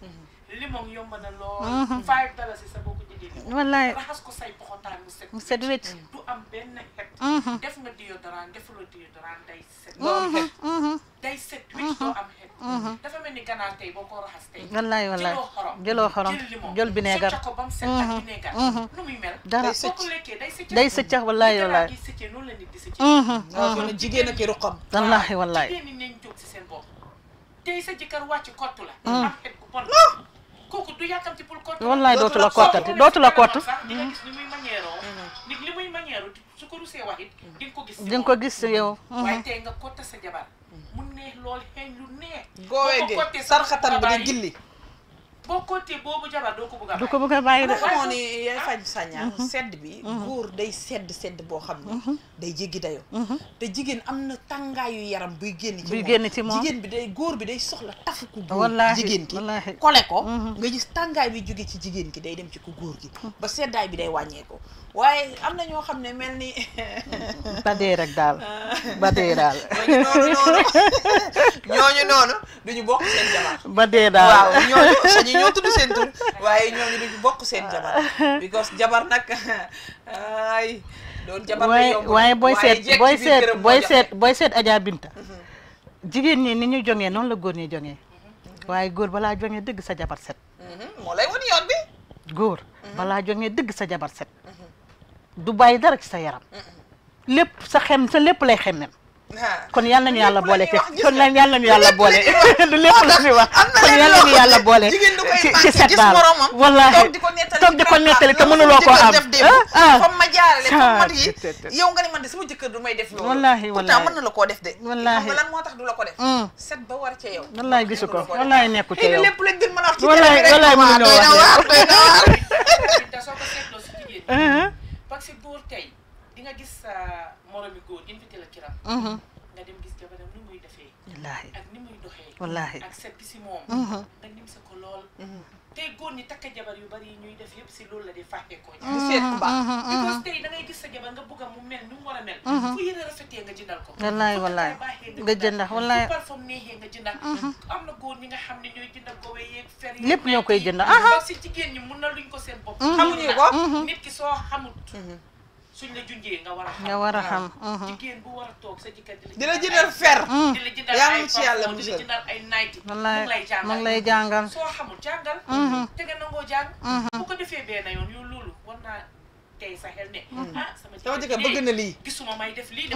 limon yomb na lool. Uh-huh. five dollars eh. sa boo ko jëlee. wallaay raxas ko say poxotaan mu set. mu set wecc du am benn xet. def nga déodorant defuloo déodorant day set. loolu xet. day set wecc doo am xet. dafa mel ni ganaar tey boo ko raxas tey. wallaay wallaay eh, jëloo xorom jël limon jël vinaigre. sëcc ko ba mu set uh-huh. ak vinaigre. Uh-huh. nu muy mel. dara boo ko lekkee day sëcc. day sëcc wallaay wallaay. gannaaw gi sëccee noonu la nit di sëccee. waaw kon jigéen ak i ruqam. wallaay wallaay jigéen ñi nañ jóg si seen bopp. tey sa jëkkër wàcc kottu la. am xet ku bon. kooku du yàkkamti pour kott. wallaay dootu la kottati dootu la kott. di nga gis ni muy maniéroo. nit li muy maniéroo mm-hmm. su ko rusee wax it di nga ko gis. di nga ko gis yow. Mm-hmm. waaye tey nga kotta sa jabar. mu neex lool xeeñ lu neex. góowee gi sarxatan bi di gilli. bokkoote boobu jabar doo ko bëgg a bàyyi. du ko a bàyyi yaay faj saña sedd bi mm-hmm. góor day sedd sedd boo xam ne mm-hmm. day jéggi dayoo mm-hmm. te jigéen am na tàngaayu yaram buy génn ci génn ci moom jigéen bi day góor bi day soxla tafu ku góor jigéen ki kole ko nga gis tàngaay bi jóge ci jigéen ki day dem ci ku góor gi ba seddaay bi day wàññeeku waaye am na ñoo xam ne mel ni badee rek daal badee daal ñooñu noonu noonu ñooñu noonu duñu seen jabar ba dee daal waaw ñooñu sañu ñoo tudd seen tur waaye ñooñu duñu bokk seen jabar because jabar nag waaye booy seet booy seet booy seet booy seet jigéen ñi ni ñu jongee noonu la góor ñi jongee waaye góor balaa jongee dëgg sa jabar set mhm, moo lay mhm. sa jabar mhm. du bàyyi dara ci sa yaram lépp sa xem sa lépp lay xemmem kon yal nañu yàlla boole ci kon yal nañu yàlla boole lu lépp la fi wax kon yal nañu yàlla boole ci ci set daal wallaahi toog di ko nettali te mënuloo koo am ah, ah. fam ma jaarale fam ma yi ah, yow nga ni man de sama jëkkër du may def loolu wallaahi wallaahi mën na la koo def de wallaahi lan moo tax du la ko def mm. set ba war ci yow wallaahi gisu ko wallaahi nekku ci yow lépp lañ gën mën a wax ci wallaahi wallaahi mënuñoo wax doy na waar doy na waar te soo ko seetloo si jigéen uh-huh. parce que góor tey di nga gis euh, moromi góor invité la kiram mm-hmm. nga dem gis jabaram ni muy defee wallaahi ak ni muy doxee wallaahi ak set bi si moom mm-hmm. nga nim sa ko lool mm-hmm. tey góor ñi takk jabar yu bari yi ñuy def yëpp si loolu la di fàtte ko ñu seet ku baax because tey da ngay gis sa jabar nga bëgg a mu mel ni mu war a mel fu yére rafetee nga jëndal ko wallaay wallaay nga jëndax wallaay parfum neexee nga jëndal am na góor ñi nga xam ne ñooy jëndal ko wéy yeeg fer yi lépp ñoo koy jëndal si jigéen ñi mun na luñ ko seen bopp xamuñu ko nit ki soo xamut suñ la junjee nga war a xam nga a xam. Uh-huh. a toog sa jëkkër di la jëndal fer. di la jëndal ay fon mm. di la jëndal wallaay mu lay jàngal soo xamul jàngal. Mm-hmm. te nga nangoo jàng. Mm-hmm. bu ko defee benn yoon yow loolu war sa xel mm-hmm. ah, ne. bëgg na lii gisuma may def lii de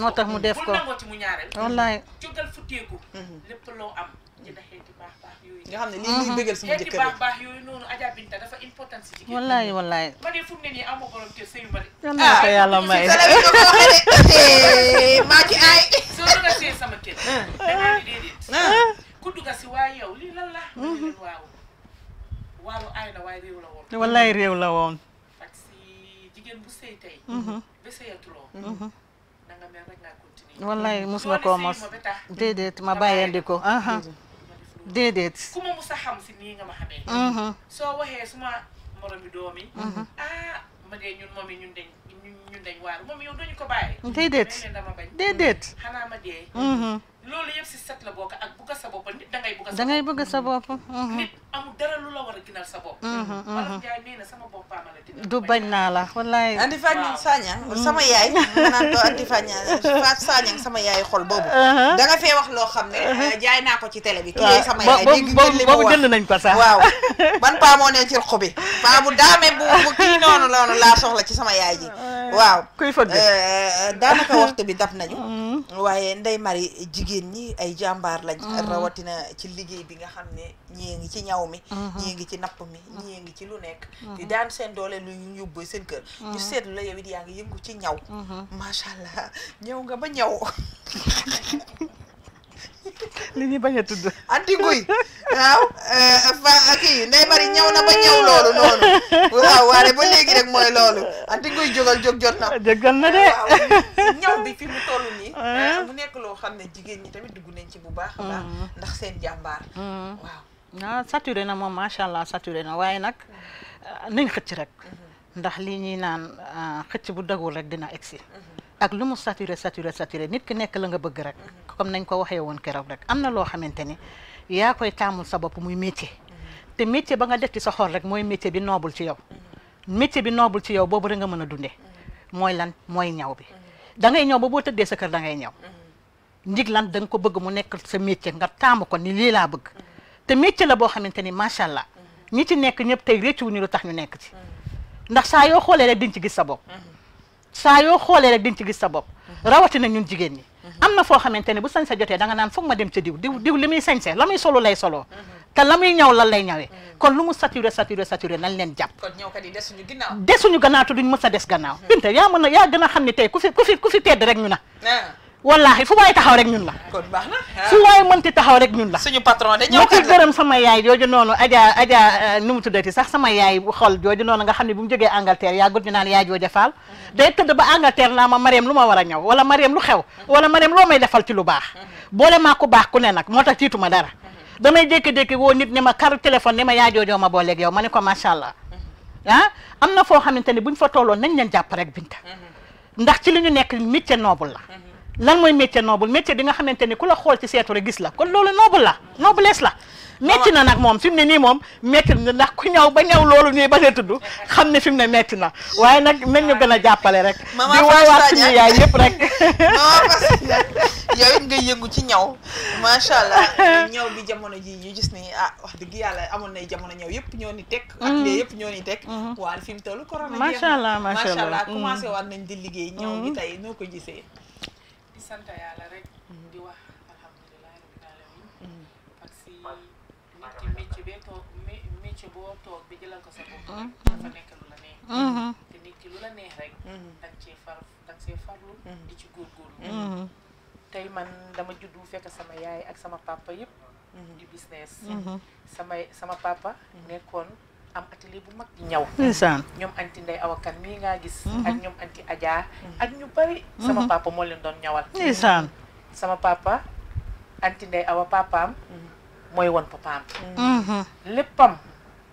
moo tax mu def ko moo tax wallaay ci la xeeti baax baax yooyu. xam ne lii luy uh-huh. bëggal sama noonu Adja Binta dafa important si jigéen. wallaay wallaay. ma ne fu mu ne ma de. ah ko yàlla ah, may de. Eh, eh, maa ci aay. soo ah. ah. si waaye yow lii la. Mm-hmm. waaw waaw aay réew la woon. wallaay réew la woon. parce que jigéen bu sëy tey. Mm-hmm. ba sëyatuloo. na mm-hmm. nga mel rek ngaa continuer. wallaay mos nga déedéet ku ma mus xam si nii nga ma xamee. Mm-hmm. soo waxee suma morom bi doom yi. Mm-hmm. ah ma dee ñun moom yi ñun dañ ñun dañ waar moom yow duñu ko bàyyi. déedéet déedéet xanaa ma dee. Mm-hmm. loolu yëpp la ak bugg sa bopp nit dangay bëgg sa bopp dangay bugg a sa bopp. Mhm. Wolof mhm, mhm. Njaay nee du bañ naa la wallaay. waaw Antifa Sagnang sama yaay. ma naan ko Antifa Sagnang sama yaay xol boobu. Uh-huh. da nga fee wax loo xam ne uh-huh. eh, jaay naa ko ci télé bi. waaw sama yaay dégg ngeen li mu wax boobu jënd nañ ko sax. waaw ban paa moo ne ci xobi. paa bu daame bu bu noonu noonu laa soxla ci sama yaay ji. waaw kuy fëgg eh, eh, daanaka waxtu bi dab nañu. Mm-hmm. waaye Ndeye Marie jigéen ñi ay jàmbaar lañ mm-hmm. rawatina ci liggéey bi nga xam ne ñii ngi ci ñaw mi mm-hmm. ñii ngi ci napp mi mm-hmm. ñii ngi ci lu nekk di daan seen doole lu ñu yóbbu seen kër ñu seetlu la yow it yaa ngi yëngu ci ñaw macha allah ñëw nga ba ñaw li ñu bañ a tudd anti guy waaw euh, fa kii ndey mari ñëw na ba ñëw loolu noonu waaw waare ba léegi rek mooy loolu anti guy jógal jóg jot na jógal na de ñaw bi fi mu toll nii. Ah, mu nekk loo xam ne jigéen ñi tamit dugg nañ ci bu baax. Mm. ndax seen jàmbaar. Mm. waaw ah na moom macha allah sature na waaye nag ah, nañ xëcc rek. Mm-hmm. ndax lii ñuy naan ah, xëcc bu dagul rek dina egsi. Mm-hmm. ak lu mu saturé saturé saturé nit ki nekk la nga bëgg rek. Mm-hmm. comme nañ ko waxee woon keroog rek am na loo xamante ni yaa koy taamul sa bopp muy métier. te métier ba nga def ci sa xol rek mooy métier bi noobul ci yow. métier bi noobul ci yow boobu rek nga mën a dundee. lan da ngay ñëw ba boo tëddee sa kër da ngay ñëw ndig lan danga ko bëgg mu nekk sa métier nga taamu ko ni lii laa bëgg te métier la boo xamante ni macha allah ñi ci nekk ñëpp tey ñu lu tax ñu nekk ci ndax saa yoo xoolee rek diñ ci gis sa bopp saa yoo xoolee rek diñ ci gis sa bopp rawatina ñun jigéen ñi am na foo xamante ne bu sañse jotee da nga naan foog ma dem ca diw diw diw li muy sañse la muy solo lay soloo te la muy ñaw lan lay ñawee kon lu mu saturé saturé sature nañ leen jàpp kon ñëwkat yi desuñu gannaaw desuñu gannaaw te duñ mës a des gannaaw hmm. binte yaa mën a yaa gën a xam ne tey ku fi ku fi fi tedd rek ñu na ah. wallaahi fu waaye taxaw rek ñun la kon baax na ah. fu waaye mënti taxaw rek ñun la suñu patron de ñëw ma ci gërëm sama yaay jooju noonu Adja Adja euh, nu mu tuddati sax sama yaay bu xool jooju noonu nga xam ne bu mu jógee Angleterre yaa gut ñu naan yaay jooja faal hmm. day tëdd ba Angleterre naa ma Mariam lu ma war a ñëw wala Mariam lu xew hmm. wala Mariam loo may defal ci lu baax boole ku baax ku ne nag moo tax tiituma dara damay jékki dékki woo nit ne ma kar téléphone ne ma yaa joojoo ma booleeg yow ma ne ko macha allah mm-hmm. ah am na foo xamante ne buñ fa tolloon nañ leen jàpp rek Binta mm-hmm. ndax ci li ñu nekk métier noble la mm-hmm. lan mooy métier noble métier bi nga xamante ne ku la xool ci seetu rek gis la kon loolu noble la noblesse la metti na nag moom fi mu ne nii moom metti na ndax ku ñëw ba ñëw loolu ñuy bañ a tudd xam ne fi mu ne metti na waaye nag nañ ñu gën a jàppale rek di woowaat suñu yaay yëpp rek yow it nga yëngu ci ñaw macha allah ñaw bi jamono ji ñu gis ni ah wax dëgg yàlla amoon nay jamono ñaw yëpp ñoo ni tekk mm-hmm. ak lee yëpp ñoo ni tekk mm-hmm. waaye fi mu toll corona macha allah macha allah mm-hmm. commencé waat nañ di liggéey ñoo gi tey noo ko gisee sant yàlla boo toog bi ko sa bopp mm-hmm. dafa nekk lu la neex mm-hmm. te nit ki lu la neex rek mm-hmm. dang di ci góorgóorlu tey man dama juddu fekk sama yaay ak sama papa yëpp di business sama sama papa nekkoon am atelier bu mag di ñaw ñoom anti nday awakan mii ngaa gis ak ñoom anti ajaa ak ñu bari sama papa moo leen doon ñawal ndeysaan sama papa anti nday awa léppam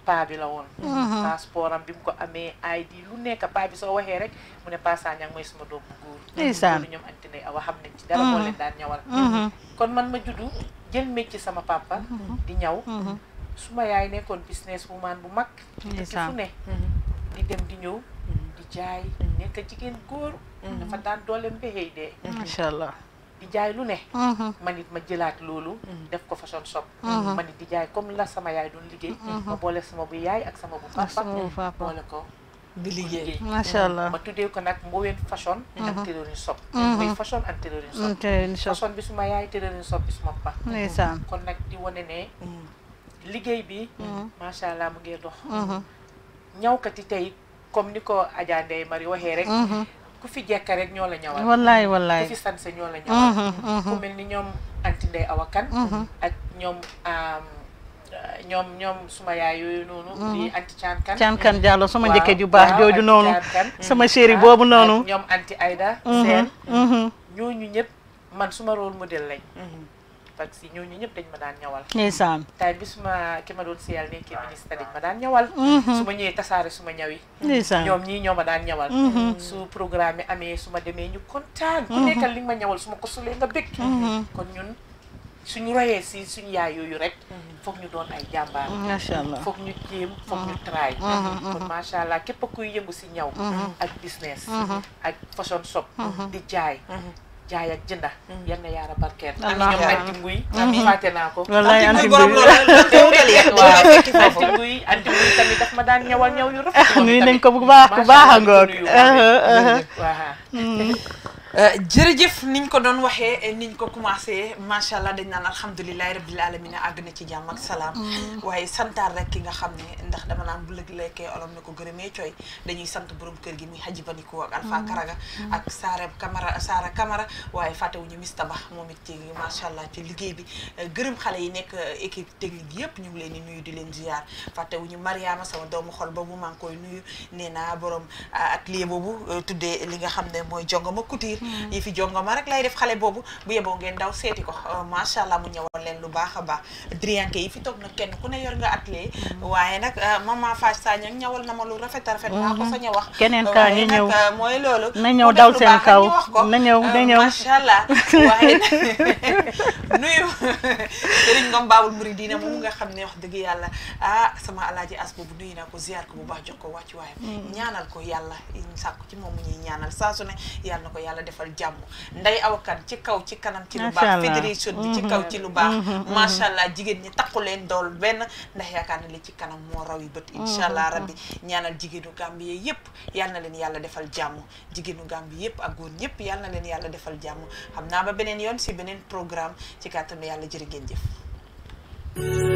paa bi la woon mm-hmm. passeport am bi mu ko amee ID lu nekk paa bi soo waxee rek mu ne Pa Sagnang mooy suma doom bu góor loolu ñoom anti nay awa xam nañ ci dara moo mm-hmm. daan ñawal mm-hmm. kon man ma juddu jël métier sama papa di ñaw suma yaay nekkoon business woman bu mag di fu ne di dem di ñëw di jaay nekk jigéen góor dafa daan doole mbéxey dee incha di jaay lu ne mm-hmm. man it ma jëlaat loolu mm-hmm. def ko fashion shop mm-hmm. man it di jaay comme la sama yaay doon liggéey ma boole sama bu yaay ak sama bu papa boole ko di liggéey ma tuddee ko nag Mbowen fashion ak tailoring shop muy fashion ak tailoring shop fashion bi suma yaay tailoring shop bi suma papa kon nag di wane ne liggéey bi macha allah mu ngi dox ñawkat yi tey comme ni ko Adja Ndeye waxee rek ku fi jekk rek ñoo la ñawal. wallaay wallaay ku fi sanse ñoo la ñawal. Mm-hmm, mm-hmm. ku mel ni ñoom anti ndey awakan. Mm-hmm. ak ñoom. ñoom ñoom suma yaay yooyu noonu. di anti caankan caankan sama njëkke ju baax jooju noonu. sama chéri boobu noonu. ñoom anti Aida. seen ñooñu man suma rôle modèle lañ. taxi ñooñu ñëpp dañ ma daan ñawal ndeysaan tay bi suma ki ma doon si yàlla nekkee ministre dañ su ma mhm. ñëwee tasaare su ma ñawi ndeysaan ñoom ñii ñoo ma daan ñawal mhm. su programme yi amee su ma demee ñu kontaan ku mhm. nekkal li ma ñawal su ma ko nga bëgg kon ñun suñu royee si suñu yaay yooyu rek foog ñu doon ay jàmbaar macha allah foog ñu jéem foog ñu try kon macha allah képp kuy yëngu si ñaw ak business ak fashion shop di jaay jaay ak jënda yal na yaara barkeel ak ko wallaay anti nguy ma daan ñawal ñaw yu rafet nuyu nañ ko bu baax bu baax a ngoog Euh, jërëjëf niñ ko doon waxee niñ ko commencé macha allah dañ naan alhamdulilah rabbil alamina àgg na ci jàmm ak salaam. Mm. waaye santaar rek ki nga xam ne ndax dama naan bu lëg lekkee olom ne ko gërëmee cooy dañuy sant borom kër gi muy Hadji Baniko ak Alpha mm. Mm. ak Saara Kamara Saara Kamara waaye fàttewuñu Mistaba moom it ci macha allah ci liggéey bi euh, gërëm xale yi nekk euh, équipe technique yëpp ñu ngi leen di nuyu di leen ziar fàttewuñu Mariama sama doomu xol boobu maa ngi koy nuyu nee naa borom atelier boobu tuddee li nga xam ne mooy jongama couture yi fi jongoma rek lay def xale boobu bu yeboo ngeen daw seeti ko euh, macha allah mu ñëwal leen lu baax a baax drianke yi fi toog nag kenn ku ne yor nga atelier mm-hmm. waaye nag euh, maman Fatou ñawal na ma lu rafet a rafet maa ko mm-hmm. sañ a wax keneen kaa ngi ñëw euh, mooy loolu na ñëw daw seen kaw na ñëw na ñëw macha allah waaye nuyu Serigne Ngom Babul Mouridina moom nga xam ne wax dëgg yàlla ah sama alaaji as boobu nuyu naa ko bu baax jox ko wàccu waayam mm-hmm. ñaanal ko yàlla sàkku ci saa su ne yàlla ko yàlla def defal jàmm nday awkan ci kaw ci kanam ci lu baax fédération bi ci mm-hmm. kaw ci lu baax mm-hmm. mm-hmm. macha allah jigéen ñi takku leen dool benn ndax yaakaar na li ci kanam moo raw yi bët incha allah rabbi ñaanal jigéenu Gambie yépp yal na leen yàlla defal jàmm jigéenu Gambie yépp ak góor ñépp yal na leen yàlla defal jàmm xam naa ba beneen yoon si beneen programme ci kàttanu yàlla jërë ngeen jëf